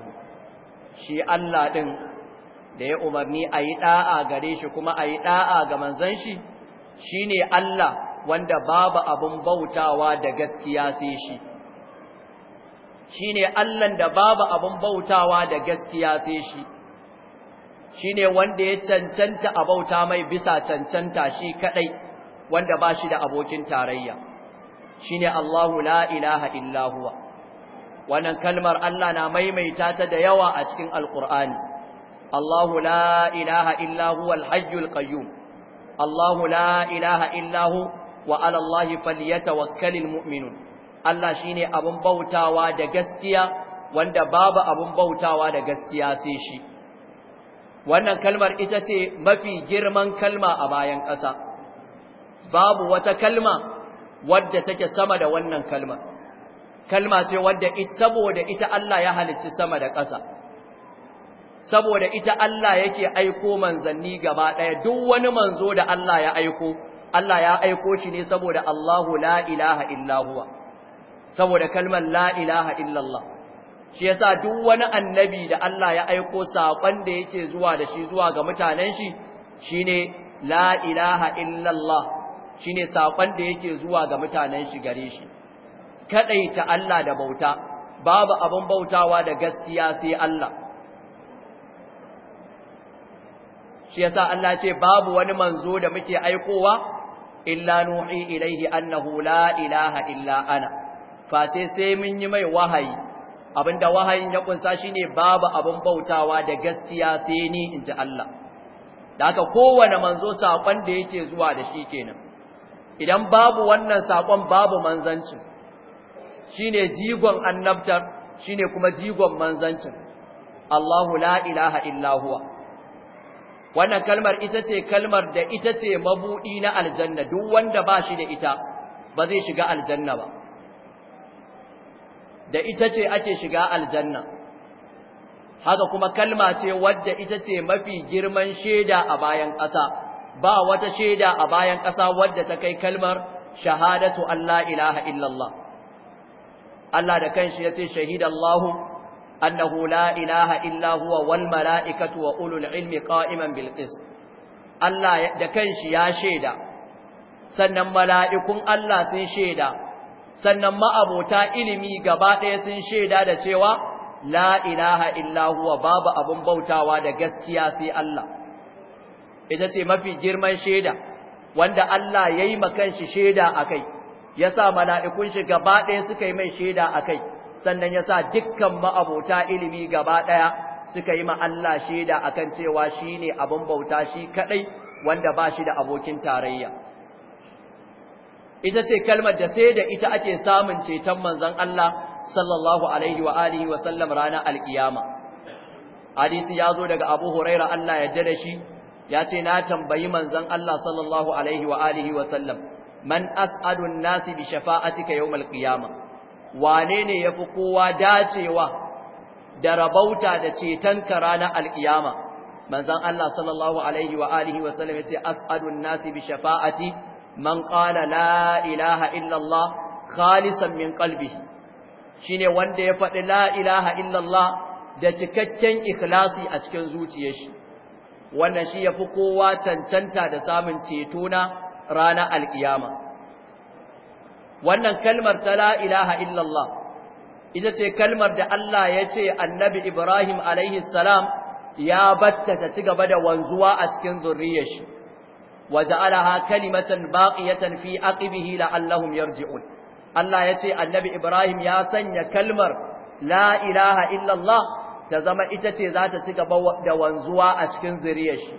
شيء الله دن da ya umarni a yi ɗa'a gare shi kuma a yi ɗa'a ga manzan shi shi ne Allah wanda babu abin bautawa da gaskiya sai shi shine Allah da babu abin bautawa da gaskiya sai shi shine wanda ya cancanta a bauta mai bisa cancanta shi kadai wanda ba shi da abokin tarayya ne Allahu la ilaha illa huwa wannan kalmar Allah na maimaita ta da yawa a cikin alkur'ani Allahu la ilaha illa qayyum Allahu la ilaha illa hu wa 'ala Allahi falyatawakkalul mu'minun Allah shine abin bautawa da gaskiya wanda babu abin bautawa da gaskiya sai shi wannan kalmar ita ce mafi girman kalma a bayan ƙasa babu wata kalma wadda take sama da wannan kalmar kalma ce wadda ita saboda ita Allah ya halicci sama da ƙasa saboda ita Allah yake aiko manzanni gaba ɗaya duk wani manzo da Allah ya aiko Allah ya aiko shi ne saboda Allahu la ilaha illa huwa saboda kalmar la ilaha illallah shi yasa duk wani annabi da Allah ya aiko sakon da yake zuwa da shi zuwa ga mutanen shi shine la ilaha illallah shine sakon da yake zuwa ga mutanen shi gare shi kadaita Allah da bauta babu abin bautawa da gaskiya sai Allah shi yasa Allah ce babu wani manzo da muke aikowa illa nuhi ilaihi annahu la ilaha illa ana face sai mun yi mai wahayi abinda wahayin ya kunsa shine babu abun bautawa da gaskiya sai ni inji Allah da haka kowane manzo sakon da yake zuwa da shi kenan idan babu wannan sakon babu manzancin shine jigon annabtar shine kuma jigon manzancin Allahu la ilaha illa huwa wannan kalmar ita ce kalmar da ita ce mabudi na aljanna duk wanda ba shi da ita ba zai shiga aljanna ba da ita ce ake shiga aljanna haka kuma kalma ce wadda ita ce mafi girman shaida a bayan ƙasa ba wata shaida a bayan ƙasa wadda ta kai kalmar shahadatu Allah ilaha illallah Allah da kanshi ya ce shahidallahu annahu la ilaha illa huwa wal mala'ikatu wa ulul ilmi qa'iman bil qist Allah da kanshi ya shaida sannan mala'ikun Allah sun shaida sannan ma'abota ilimi gaba ɗaya sun shaida da cewa la ilaha illa huwa babu abun bautawa da gaskiya sai Allah ita ce mafi girman shaida wanda Allah yayi makan shi shaida a akai yasa mala'ikun shi gaba ɗaya suka yi mai shaida a kai, sannan ya sa dukkan ma'abota ilimi gaba ɗaya suka yi ma Allah shaida kan cewa shi ne abin bauta shi kaɗai, wanda ba shi da abokin tarayya ita ce kalmar da sai da ita ake samun ceton manzon Allah sallallahu alaihi wa alihi wa sallam ranar alkiyama hadisi ya zo daga Abu Huraira Allah ya dade shi ya ce na tambayi manzon Allah sallallahu alaihi wa alihi wa sallam man as'adun nasi bi shafa'atika yawmal qiyama wane ne yafi kowa dacewa da rabauta da cetonka ranar alkiyama manzon Allah sallallahu alaihi wa alihi wa sallam ya ce as'adun nasi bi shafa'ati man qala la ilaha illallah khalisan min qalbihi shine wanda ya faɗi la ilaha illallah da cikakken ikhlasi a cikin zuciyar shi wannan shi yafi kowa cancanta da samun ceto na ranar alkiyama wannan kalmar ta la ilaha illallah ita ce kalmar da Allah ya ce annabi Ibrahim alaihi salam ya batta ta ci gaba da wanzuwa a cikin zurriyar shi waja'alaha kalimatan baqiyatan fi aqibihi la'allahum yarji'un Allah yace Annabi Ibrahim ya sanya kalmar la ilaha illallah ta zama ita ce za ta ci gaba da wanzuwa a cikin zuriyar shi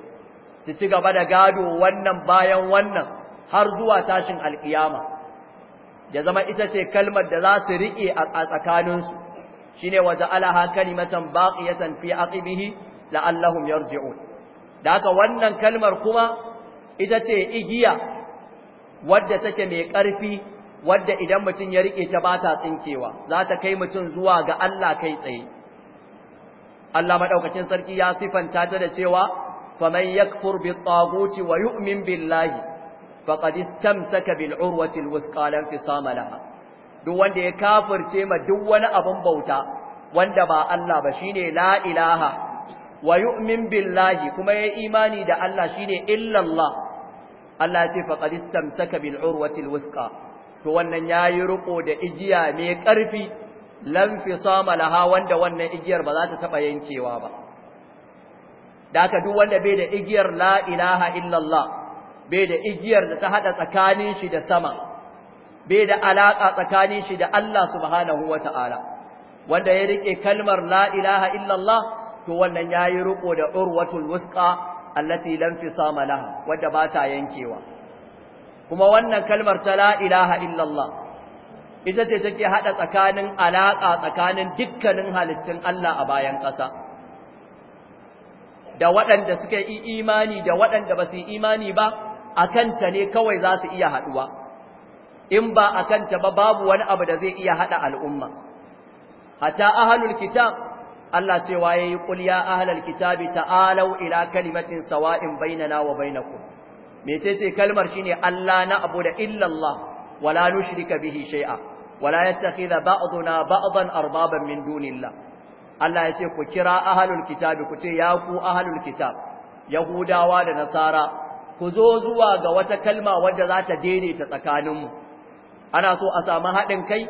su ci gaba da gado wannan bayan wannan har zuwa tashin alkiyama ya zama ita ce kalmar da za su riƙe a tsakaninsu shine waja'alaha kalimatan baqiyatan fi aqibihi la'allahum yarji'un da haka wannan kalmar kuma ita ce igiya wadda take mai ƙarfi wadda idan mutum ya rike ta ba ta tsinkewa za ta kai mutum zuwa ga Allah kai tsaye Allah madaukakin sarki ya sifanta ta da cewa faman yakfur bi taguti wa yu'min billahi faqad istamsaka bil urwati al wuthqa lan fisama laha duk wanda ya kafirce ma duk wani abin bauta wanda ba Allah ba shine la ilaha wa yu'min billahi kuma ya imani da Allah shine illallah Allah ya ce faqad istamsaka bil urwati al wuthqa to wannan yayi riko da igiya mai karfi lam fisama laha wanda wannan igiyar ba za ta taba yankewa ba da haka duk wanda bai da igiyar la ilaha illallah bai da igiyar da ta hada tsakanin shi da sama bai da alaka tsakanin shi da Allah subhanahu wataala wanda ya rike kalmar la ilaha illallah to wannan yayi riko da urwatul wuthqa allati lam sama laha wadda ba ta yankewa kuma wannan kalmar ta la ilaha illallah ita ce take hada tsakanin alaka tsakanin dukkanin halittun Allah a bayan ƙasa da waɗanda suka yi imani da waɗanda ba su yi imani ba akanta ne kawai za su iya haɗuwa, in ba akan ba babu wani abu da zai iya haɗa al'umma hatta ahlul kitab Allah cewa yayi qul ya ahlal kitabi ta'alu ila kalimatin sawa'in bainana wa bainakum mecece kalmar shine Allah na abu da illallah wala nushrika bihi shai'a wala yattakhidha ba'duna ba'dan arbaban min dunillah Allah yace ku kira ahlul kitabi ku ce ya ku ahlul kitab yahudawa da nasara ku zo zuwa ga wata kalma wadda za ta daidaita tsakaninmu ana so a samu haɗin kai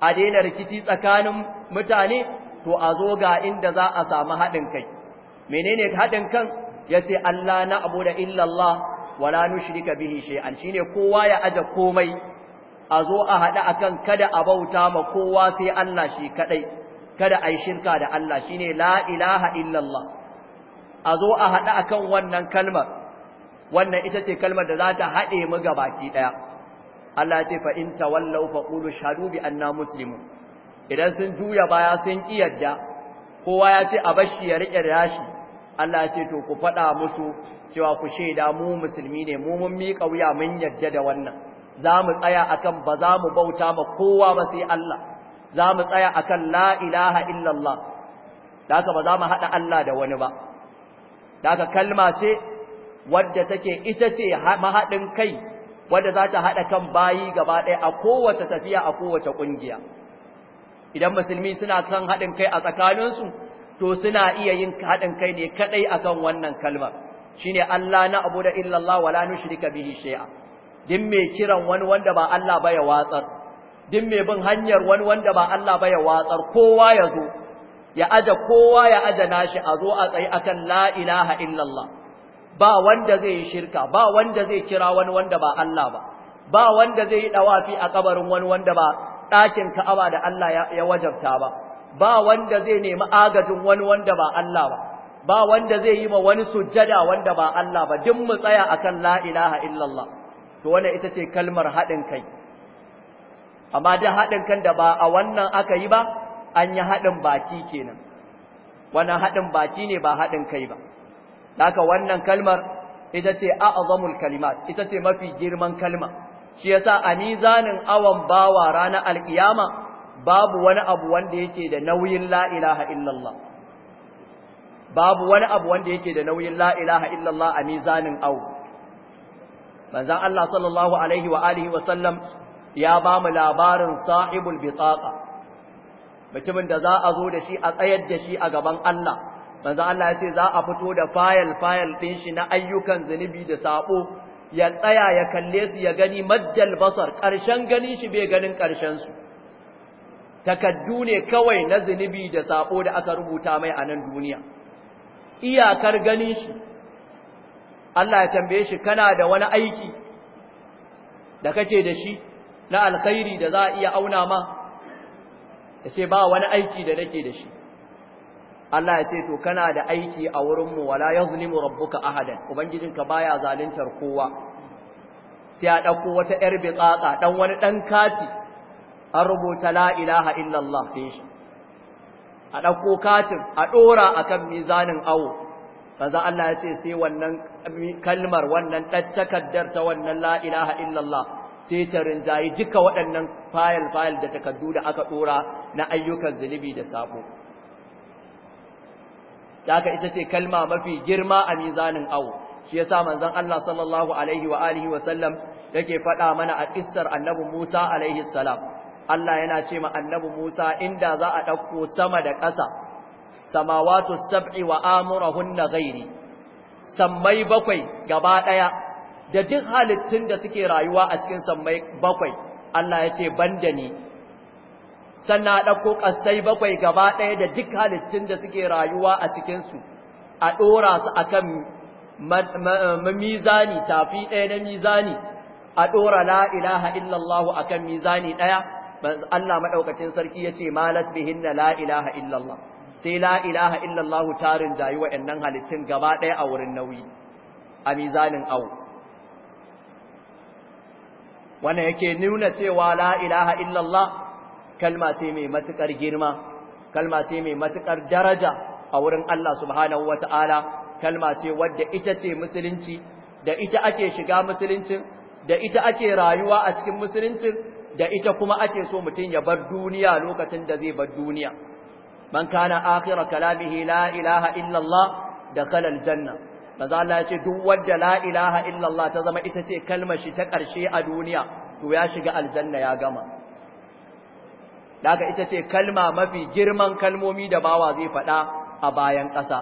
a daina rikici tsakanin mutane to a zo ga inda za a samu haɗin kai menene haɗin kan yace Allah na abu da illallah la nushrika bihi shay'an shine kowa ya aje komai a zo a haɗa akan kada a bauta ma kowa sai Allah shi kadai kada yi shirka da Allah shine la ilaha illallah a zo a haɗa akan wannan kalmar wannan ita ce kalmar da za ta haɗe mu gabaki ɗaya Allah ya ce fa in tawallaw fa qulu shahadu bi anna muslimun idan sun juya baya sun iyadda kowa ya ce a bashi ya riƙe rashi Allah ya ce to ku faɗa musu cewa ku shaida mu musulmi ne mu mun miƙa wuya mun yarda da wannan za mu tsaya akan ba za mu bauta ma kowa ba sai Allah za mu tsaya akan la ilaha illallah da haka ba za mu haɗa Allah da wani ba da haka kalma ce wadda take ita ce mahaɗin kai wadda za ta haɗa kan bayi gaba ɗaya a kowace tafiya a kowace ƙungiya idan musulmi suna son haɗin kai a tsakaninsu to suna iya yin haɗin kai ne kaɗai akan wannan kalmar shine Allah na abu da illallah wala shirika bihi shay'a din mai kiran wani wanda ba Allah ba ya watsar din mai bin hanyar wani wanda ba Allah ba ya watsar kowa ya zo ya aja kowa ya aja nashi a zo a tsaye akan la ilaha illallah ba wanda zai shirka ba wanda zai kira wani wanda ba Allah ba ba wanda zai yi dawafi a kabarin wani wanda ba ɗakin Ka'aba da Allah ya wajabta ba ba wanda zai nemi agajin wani wanda ba Allah ba ba wanda zai yi ma wani sujjada wanda ba Allah ba duk mu tsaya a kan la'ilaha illallah to wannan ita ce kalmar haɗin kai amma da haɗin kan da ba a wannan aka yi ba an yi haɗin baki kenan wannan haɗin baki ne ba haɗin kai ba haka wannan kalmar ita ce a'zamul kalimat ita ce mafi girman kalma shi yasa a mizanin awan bawa ranar alkiyama babu wani abu wanda yake da nauyin la ilaha illallah babu wani abu wanda yake da nauyin la ilaha illallah a mizanin awu manzon Allah sallallahu alaihi wa alihi wa sallam ya ba mu labarin sahibul bitaqa mutumin da za a zo da shi a tsayar da shi a gaban Allah manzon Allah ya ce za a fito da fayil fayil din shi na ayyukan zunubi da sabo ya tsaya ya kalle su ya gani maddal basar Karshen gani shi bai ganin ƙarshen su takaddu ne kawai na zunubi da sabo da aka rubuta mai a nan duniya iyakar gani shi Allah ya tambaye shi kana da wani aiki da kake da shi na alkhairi da za a iya auna ma ya ce ba wani aiki da nake da shi Allah ya ce to kana da aiki a wurin mu wala yazlimu rabbuka ahadan ubangijinka baya zaluntar kowa sai a dauko wata yar bitsatsa dan wani dan kati an rubuta la ilaha illallah din shi a dauko katin a dora akan mizanin awo kaza Allah ya ce sai wannan kalmar wannan takaddar ta wannan la ilaha illallah sai ta rinjayi duka waɗannan fayil fayil da takaddu da aka dora na ayyukan zunubi da sabo haka ita ce kalma mafi girma a mizanin awo shi yasa manzon Allah sallallahu alaihi wa alihi wa sallam yake faɗa mana a kissar annabi Musa alaihi salam Allah yana ce ma annabi Musa inda za a ɗauko sama da ƙasa samawatu sab'i wa amurahunna ghairi sammai bakwai gaba ɗaya da duk halittun da suke rayuwa a cikin sammai bakwai Allah ya ce banda ni sannan ɗauko ƙasai bakwai gaba ɗaya da duk halittun da suke rayuwa a cikinsu a ɗora su a kan mizani tafi ɗaya na mizani a ɗora la'ilaha illallahu a kan mizani ɗaya Allah maɗaukacin sarki ya ce malas bihin na la'ilaha illallah sai la'ilaha ilaha illallahu tarin jayi waɗannan halittun gaba ɗaya a wurin nauyi a mizanin awo wannan yake nuna cewa la'ilaha ilaha illallah kalma ce mai matukar girma kalma ce mai matukar daraja a wurin Allah subhanahu wataala kalma ce wadda ita ce musulunci da ita ake shiga musuluncin da ita ake rayuwa a cikin musuluncin da ita kuma ake so mutum ya bar duniya lokacin da zai bar duniya man kana akhira kalamihi la ilaha illa Allah dakhala aljanna manzo Allah ya ce duk wadda la ilaha illa Allah ta zama ita ce kalmar shi ta ƙarshe a duniya to ya shiga aljanna ya gama daga ita ce kalma mafi girman kalmomi da bawa zai faɗa a bayan ƙasa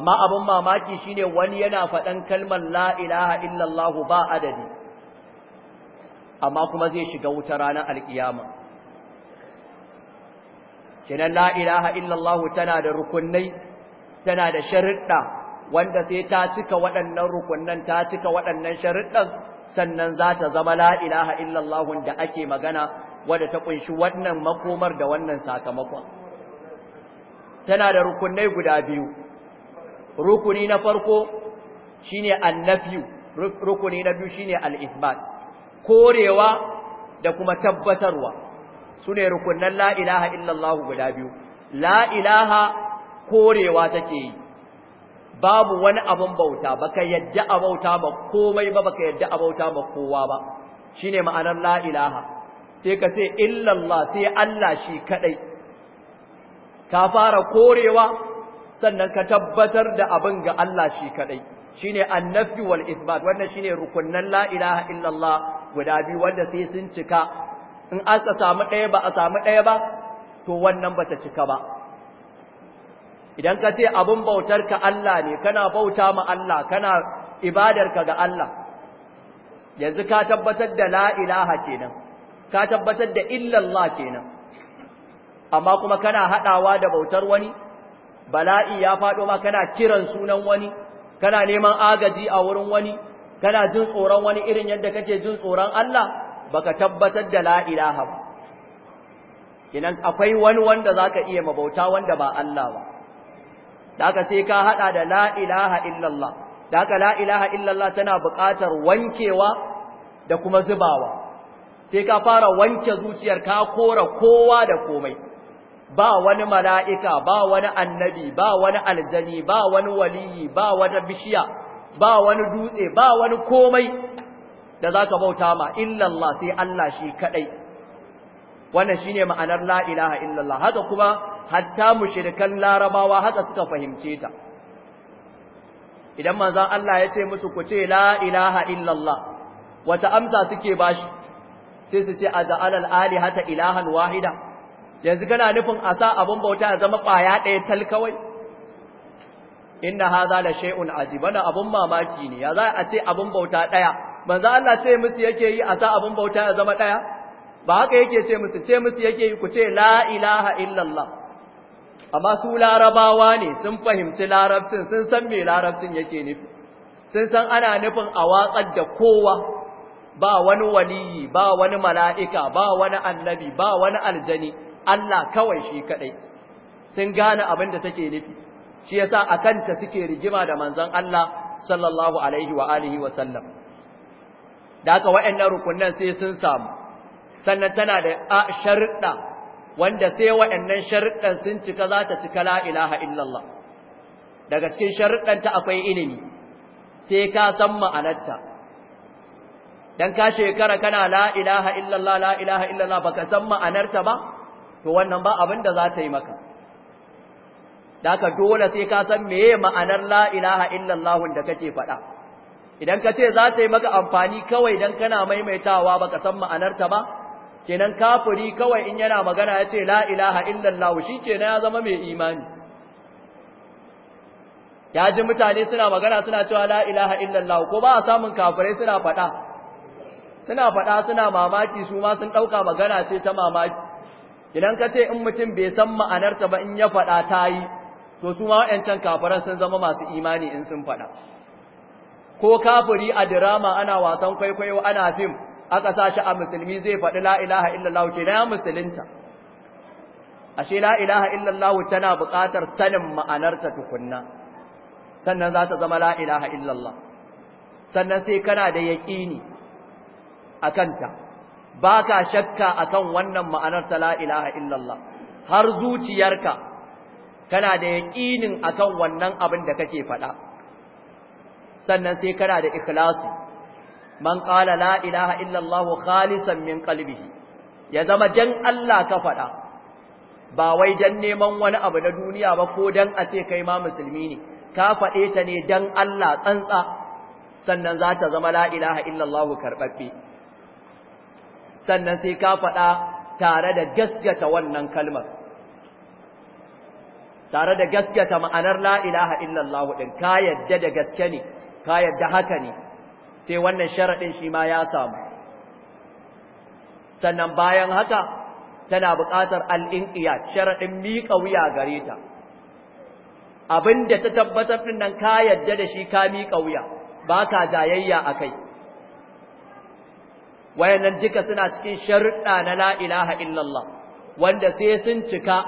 amma abin mamaki shine wani yana faɗan kalmar la ilaha illallah ba adadi amma kuma zai shiga wuta ranar alkiyama kenan la ilaha illallah tana da rukunai tana da sharuɗa wanda sai ta cika waɗannan rukunnan ta cika waɗannan sharuɗan sannan za ta zama la ilaha illallah da ake magana wadda ta kunshi wannan makomar da wannan sakamakon tana da rukunai guda biyu rukuni na farko shine annafiyu rukuni na biyu shine al-ithbat korewa da kuma tabbatarwa sune rukunan la ilaha illallah guda biyu la ilaha korewa take yi babu wani abun bauta baka yadda abauta ba komai ba baka yadda abauta ba kowa ba shine ma'anar la ilaha sai ka ce illallah sai Allah shi kadai ka fara korewa sannan ka tabbatar da abin ga Allah shi kadai shine annafi wal isbat wannan shine rukunnan la ilaha illallah guda biyu wanda sai sun cika in an samu ɗaya ba a samu ɗaya ba to wannan bata cika ba idan ka ce abin bautar ka Allah ne kana bauta ma Allah kana ibadarka ga Allah yanzu ka tabbatar da la ilaha kenan ka tabbatar da illallah kenan amma kuma kana hadawa da bautar wani bala'i ya fado ma kana kiran sunan wani kana neman agaji a wurin wani kana jin tsoron wani irin yadda kake jin tsoron Allah baka tabbatar da la ilaha ba kenan akwai wani wanda zaka iya mabauta wanda ba Allah ba da ka sai ka hada da la ilaha illallah da ka la ilaha illallah tana buƙatar wankewa da kuma zubawa sai ka fara wanke zuciyar ka kora kowa da komai ba wani mala'ika ba wani annabi ba wani aljani ba wani waliyi ba wata bishiya ba wani dutse ba wani komai da za ka bauta ma illallah sai Allah shi kadai. wannan shi ne ma'anar la'ilaha illallah haka kuma hatta mushirikan larabawa haka suka fahimce ta idan manzan Allah ya ce musu ku ce la'ilaha illallah wata amsa suke bashi sai su ce aja'alal alihata ilahan wahida yanzu kana nufin a sa abin bauta ya zama kwaya ɗaya tal kawai inna hadha la shay'un ajib wannan abun mamaki ne ya za a ce abin bauta ɗaya manzo Allah ce musu yake yi a sa abin bauta ya zama ɗaya ba haka yake ce musu ce musu yake yi ku ce la ilaha illallah amma su larabawa ne sun fahimci larabcin sun san me larabcin yake nufi sun san ana nufin a watsar da kowa ba wani waliyi ba wani mala'ika ba wani annabi ba wani aljani Allah kawai shi kaɗai sun gane abin da take nufi shi yasa kanta suke rigima da manzon Allah sallallahu alaihi wa alihi wa sallam da haka waɗannan rukunan sai sun samu sannan tana da sharɗa wanda sai waɗannan sharuɗan sun cika za ta cika la ilaha illallah daga cikin sharuɗanta akwai ilimi sai ka san ma'anarta dan ka shekara kana la ilaha illallah la ilaha illallah baka san ma'anarta ba to wannan ba abin da za ta yi maka daka dole sai ka san meye ma'anar la ilaha illallah da kake faɗa idan ka ce za ta yi maka amfani kawai dan kana maimaitawa baka san ma'anarta ba kenan kafiri kawai in yana magana ya ce la ilaha illallah na ya zama mai imani ya ji mutane suna magana suna cewa la ilaha illallah ko ba a samun kafirai suna faɗa suna faɗa suna mamaki su ma sun ɗauka magana ce ta mamaki idan ka ce in mutum bai san ma'anarta ba in ya faɗa ta yi to su ma wa'yancan kafiran sun zama masu imani in sun faɗa ko kafiri a dirama ana wasan kwaikwayo ana fim aka sa shi a musulmi zai faɗi la ilaha illallah ke na musulunta ashe la ilaha illallah tana buƙatar sanin ma'anarta tukunna sannan za ta zama la ilaha illallah sannan sai kana da yaƙini a kanta ba ka shakka a kan wannan ma'anar ta la'ilaha illallah har zuciyarka kana da yaƙinin a kan wannan abin da kake faɗa sannan sai kana da ikhlasi man ƙala la'ilaha illallah khalisan min ƙalbihi ya zama dan Allah ka faɗa ba wai don neman wani abu na duniya ba ko dan a ce kai ma musulmi ne ka faɗe ta ne dan Allah tsantsa sannan za ta zama la'ilaha illallah karɓaɓɓe sannan sai ka faɗa tare da gaskata wannan kalmar tare da gaskata ma'anar la ilaha illallah din ka yadda da gaske ne ka yadda haka ne sai wannan sharadin shi ma ya samu sannan bayan haka tana buƙatar al sharaɗin sharadin miƙa wuya gare ta abinda ta tabbatar din nan ka yadda da shi ka miƙa wuya baka jayayya akai wayannan duka suna cikin sharuɗa na la ilaha illallah wanda sai sun cika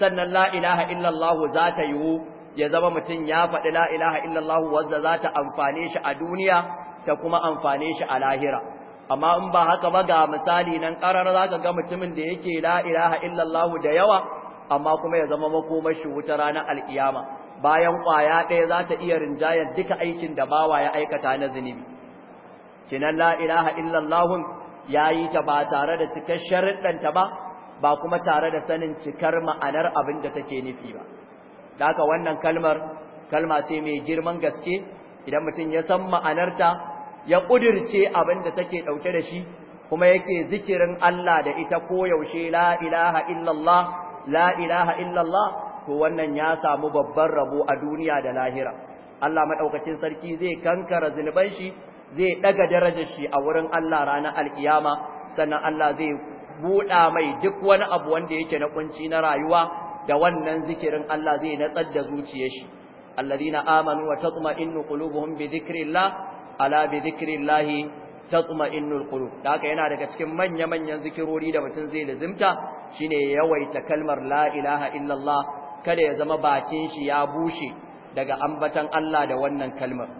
sannan la ilaha illallah za ta yiwu ya zama mutum ya faɗi la ilaha illallah wanda za ta amfane shi a duniya ta kuma amfane shi a lahira amma in ba haka ba ga misali nan ƙarar za ka ga mutumin da yake la ilaha illallah da yawa amma kuma ya zama makomashi wuta ranar alkiyama bayan ƙwaya ɗaya za ta iya rinjayar duka aikin da bawa ya aikata na zunubi kenan la ilaha illallah yayi ta ba tare da cikar sharuɗanta ba ba kuma tare da sanin cikar ma'anar abin da take nufi ba haka wannan kalmar kalma ce mai girman gaske idan mutum ya san ma'anarta ya kudirce abin da take dauke da shi kuma yake zikirin Allah da ita koyaushe la ilaha illallah la ilaha illallah to wannan ya samu babban rabo a duniya da lahira Allah madaukakin sarki zai kankara zunuban shi zai ɗaga darajar shi a wurin Allah ranar alkiyama sannan Allah zai buɗa mai duk wani abu wanda yake na kunci na rayuwa da wannan zikirin Allah zai natsar da zuciyar shi alladhina amanu wa tatma'innu qulubuhum bi dhikrillah ala bi dhikrillah tatma'innul qulub da haka yana daga cikin manya manyan zikirori da mutum zai lazimta shine yawaita kalmar la ilaha illallah kada ya zama bakin shi ya bushe daga ambatan Allah da wannan kalmar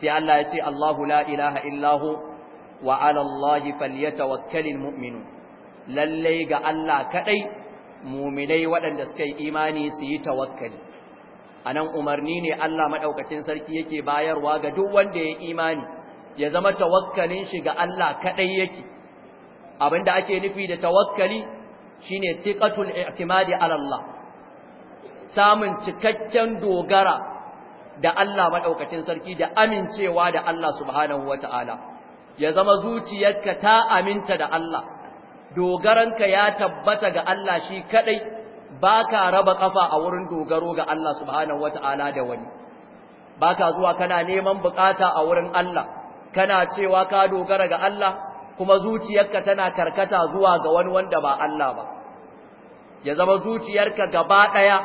sai Allah ya ce Allahu la ilaha illahu wa ala Allahi falyatawakkalul mu'minu lalle ga Allah kadai mu'minai waɗanda suka yi imani su yi tawakkali anan umarni ne Allah madaukakin sarki yake bayarwa ga duk wanda ya imani ya zama tawakkalin shi ga Allah kadai yake abinda ake nufi da tawakkali shine tiqatul i'timadi ala Allah samun cikakken dogara da Allah maɗaukacin sarki da amincewa da Allah subhanahu wa ta'ala, ya zama zuciyarka ta aminta da Allah, dogaranka ya tabbata ga Allah shi kaɗai baka raba ƙafa a wurin dogaro ga Allah subhanahu wa ta'ala da wani, Baka zuwa kana neman buƙata a wurin Allah, kana cewa ka dogara ga Allah kuma zuciyarka tana karkata zuwa ga wani wanda ba Allah ba. Ya zama zuciyarka gaba ɗaya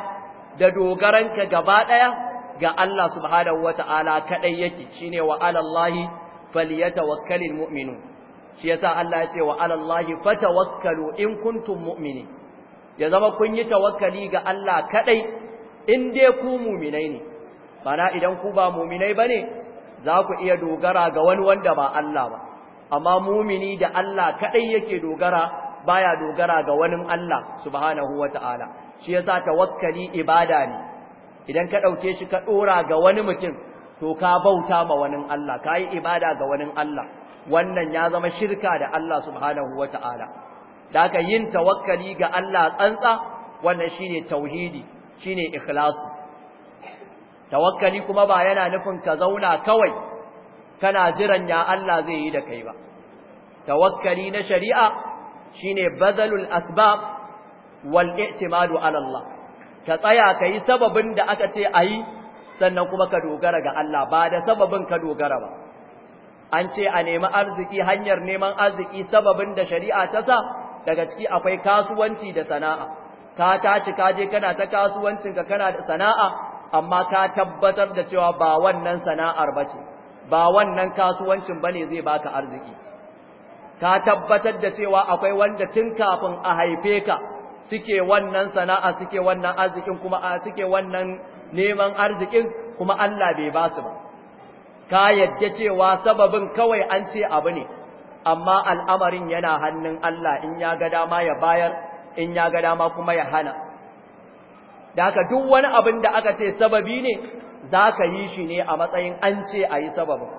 da dogaranka gaba ɗaya ga Allah subhanahu wata'ala kadai yake shine wa alallahi falyatawakkalul mu'minu shi yasa Allah ya ce wa alallahi fatawakkalu in kuntum mu'mini ya zama kun yi tawakkali ga Allah kadai in dai ku mu'minai ne bana idan ku ba mu'minai bane za ku iya dogara ga wani wanda ba Allah ba amma mumini da Allah kadai yake dogara baya dogara ga wani Allah subhanahu wataala shi yasa tawakkali ibada ne idan ka ɗauke shi ka ɗora ga wani mutum to ka bauta ma wani Allah ka yi ibada ga wani Allah wannan ya zama shirka da Allah subhanahu wa ta'ala da aka yin tawakkali ga Allah tsantsa wannan ne tauhidi ne ikhlasi tawakkali kuma ba yana nufin ka zauna kawai kana jiran ya Allah zai yi da kai ba tawakkali na shari'a shine bazalul asbab wal i'timadu Allah ka tsaya ka yi sababin da aka ce a yi sannan kuma ka dogara ga Allah ba da sababin ka dogara ba an ce a nemi arziki hanyar neman arziki sababin da shari'a ta sa daga ciki akwai kasuwanci da sana'a ka tashi ka je kana ta kasuwancinka kana da sana'a amma ka tabbatar da cewa ba wannan sana'ar ba ce ba wannan kasuwancin ba ne zai baka arziki ka tabbatar da cewa akwai wanda tun kafin a haife ka suke wannan sana'a suke wannan arzikin kuma suke wannan neman arzikin kuma Allah bai ba su ba ka yadda cewa sababin kawai an ce abu ne amma al'amarin yana hannun Allah in ya ga dama ya bayar in ya ga dama kuma ya hana da haka duk wani abin da aka ce sababi ne za ka yi shi ne a matsayin an ce a yi sababin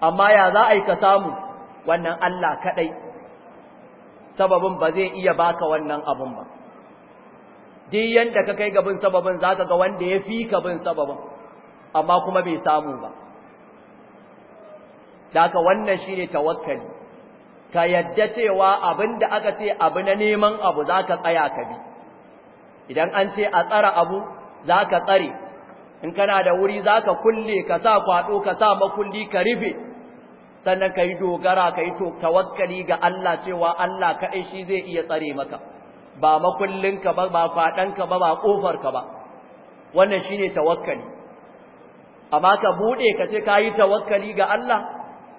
amma ya za a yi ka samu wannan Allah kaɗai sababin ba zai iya baka wannan abun ba duk yanda ka kai gabin sababin zaka ga wanda ya fi ka bin sababin amma kuma bai samu ba daga wannan shine tawakkali ka yadda cewa abinda aka ce abu na neman abu zaka tsaya ka bi idan an ce a tsara abu zaka tsare in kana da wuri zaka kulle ka sa kwado ka sa makulli ka rufe sannan ka yi dogara ka yi tawakkali ga Allah cewa Allah kaɗai shi zai iya tsare maka ba makullinka ba ba faɗanka ba ba ƙofarka ba wannan shi ne tawakkali amma ka buɗe ka ce ka yi tawakkali ga Allah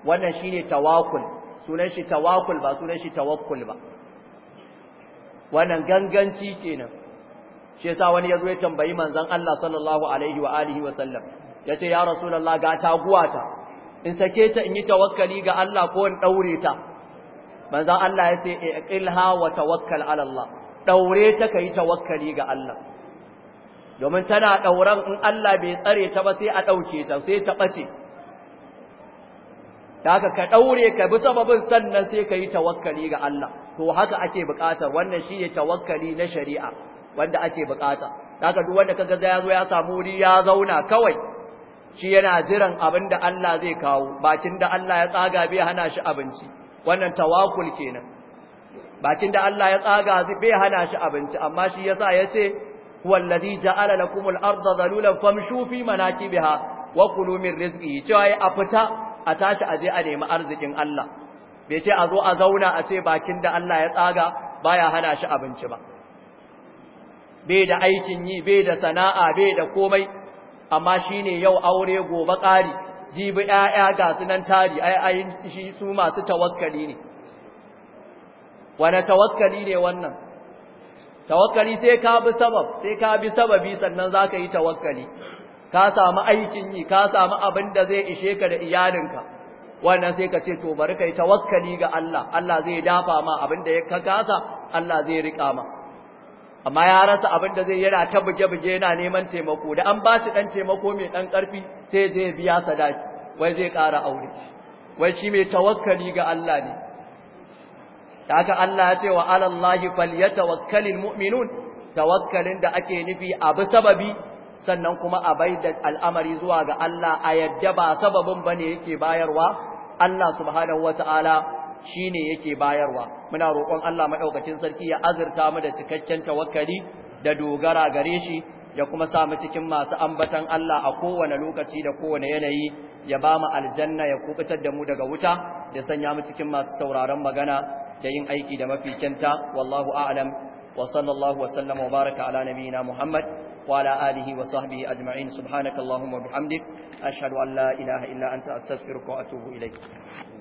wannan shi ne tawakul sunan shi tawakul ba sunan shi tawakkul ba wannan ganganci kenan shi yasa wani yazo ya tambayi manzon Allah sallallahu alaihi wa alihi wa sallam yace ya rasulullah ga taguwata in sake ta in yi tawakkali ga Allah ko in daure ta manzon Allah ya ce iqilha wa tawakkal ala Allah daure ta kai tawakkali ga Allah domin tana dauran in Allah bai tsare ta ba sai a dauke ta sai ta bace da ka daure ka bi sababin sannan sai ka yi tawakkali ga Allah to haka ake bukatar wannan shine tawakkali na shari'a wanda ake bukata da duk wanda kaga ya zo ya samu wuri ya zauna kawai shi yana jiran abin da Allah zai kawo bakin da Allah ya tsaga bai hana shi abinci wannan tawakul kenan bakin da Allah ya tsaga bai hana shi abinci amma shi yasa yace wallazi ja'ala lakumul arda zalulan famshu fi manakibiha wa kulu min rizqihi cewa a fita a tashi aje a nemi arzikin Allah bai ce a zo a zauna a ce bakin da Allah ya tsaga baya hana shi abinci ba bai da aikin yi bai da sana'a bai da komai amma shi ne yau aure gobe ƙari jibi 'ya'ya, ga sunan tari ai shi su masu tawakkali ne wani tawakkali ne wannan tawakkali sai ka bi sabab sai ka bi sababi sannan za ka yi tawakkali ka samu aikin yi ka samu abin da zai ishe ka da iyalinka wannan sai ka ce to bari yi tawakkali ga Allah Allah zai dafa ma abin da ya kasa Allah zai riƙa ma amma ya rasa abin da zai yana ta buge-buge yana neman taimako da an ba shi dan taimako mai ɗan ƙarfi sai zai biya sadaki wai zai ƙara aure wai shi mai tawakkali ga Allah ne haka Allah ya ce wa alallahi tawakkalin mu'minun tawakkalin da ake nufi abu sababi sannan kuma a bai da al'amari zuwa ga Allah a yadda ba sababin ba ne yake bayarwa Allah subhanahu wataala Shi ne yake bayarwa muna roƙon Allah maɗaukacin sarki ya azurta mu da cikakken tawakkali da dogara gare shi ya kuma sa mu cikin masu ambatan Allah a kowane lokaci da kowane yanayi ya ba mu aljanna ya kubutar da mu daga wuta da sanya mu cikin masu sauraron magana da yin aiki da mafi kyanta wallahu a'lam wa sallallahu wa sallama wa baraka ala nabiyyina muhammad wa ala alihi wa sahbihi ajma'in subhanakallahumma wa bihamdik ashhadu an la ilaha illa anta astaghfiruka wa atubu ilaik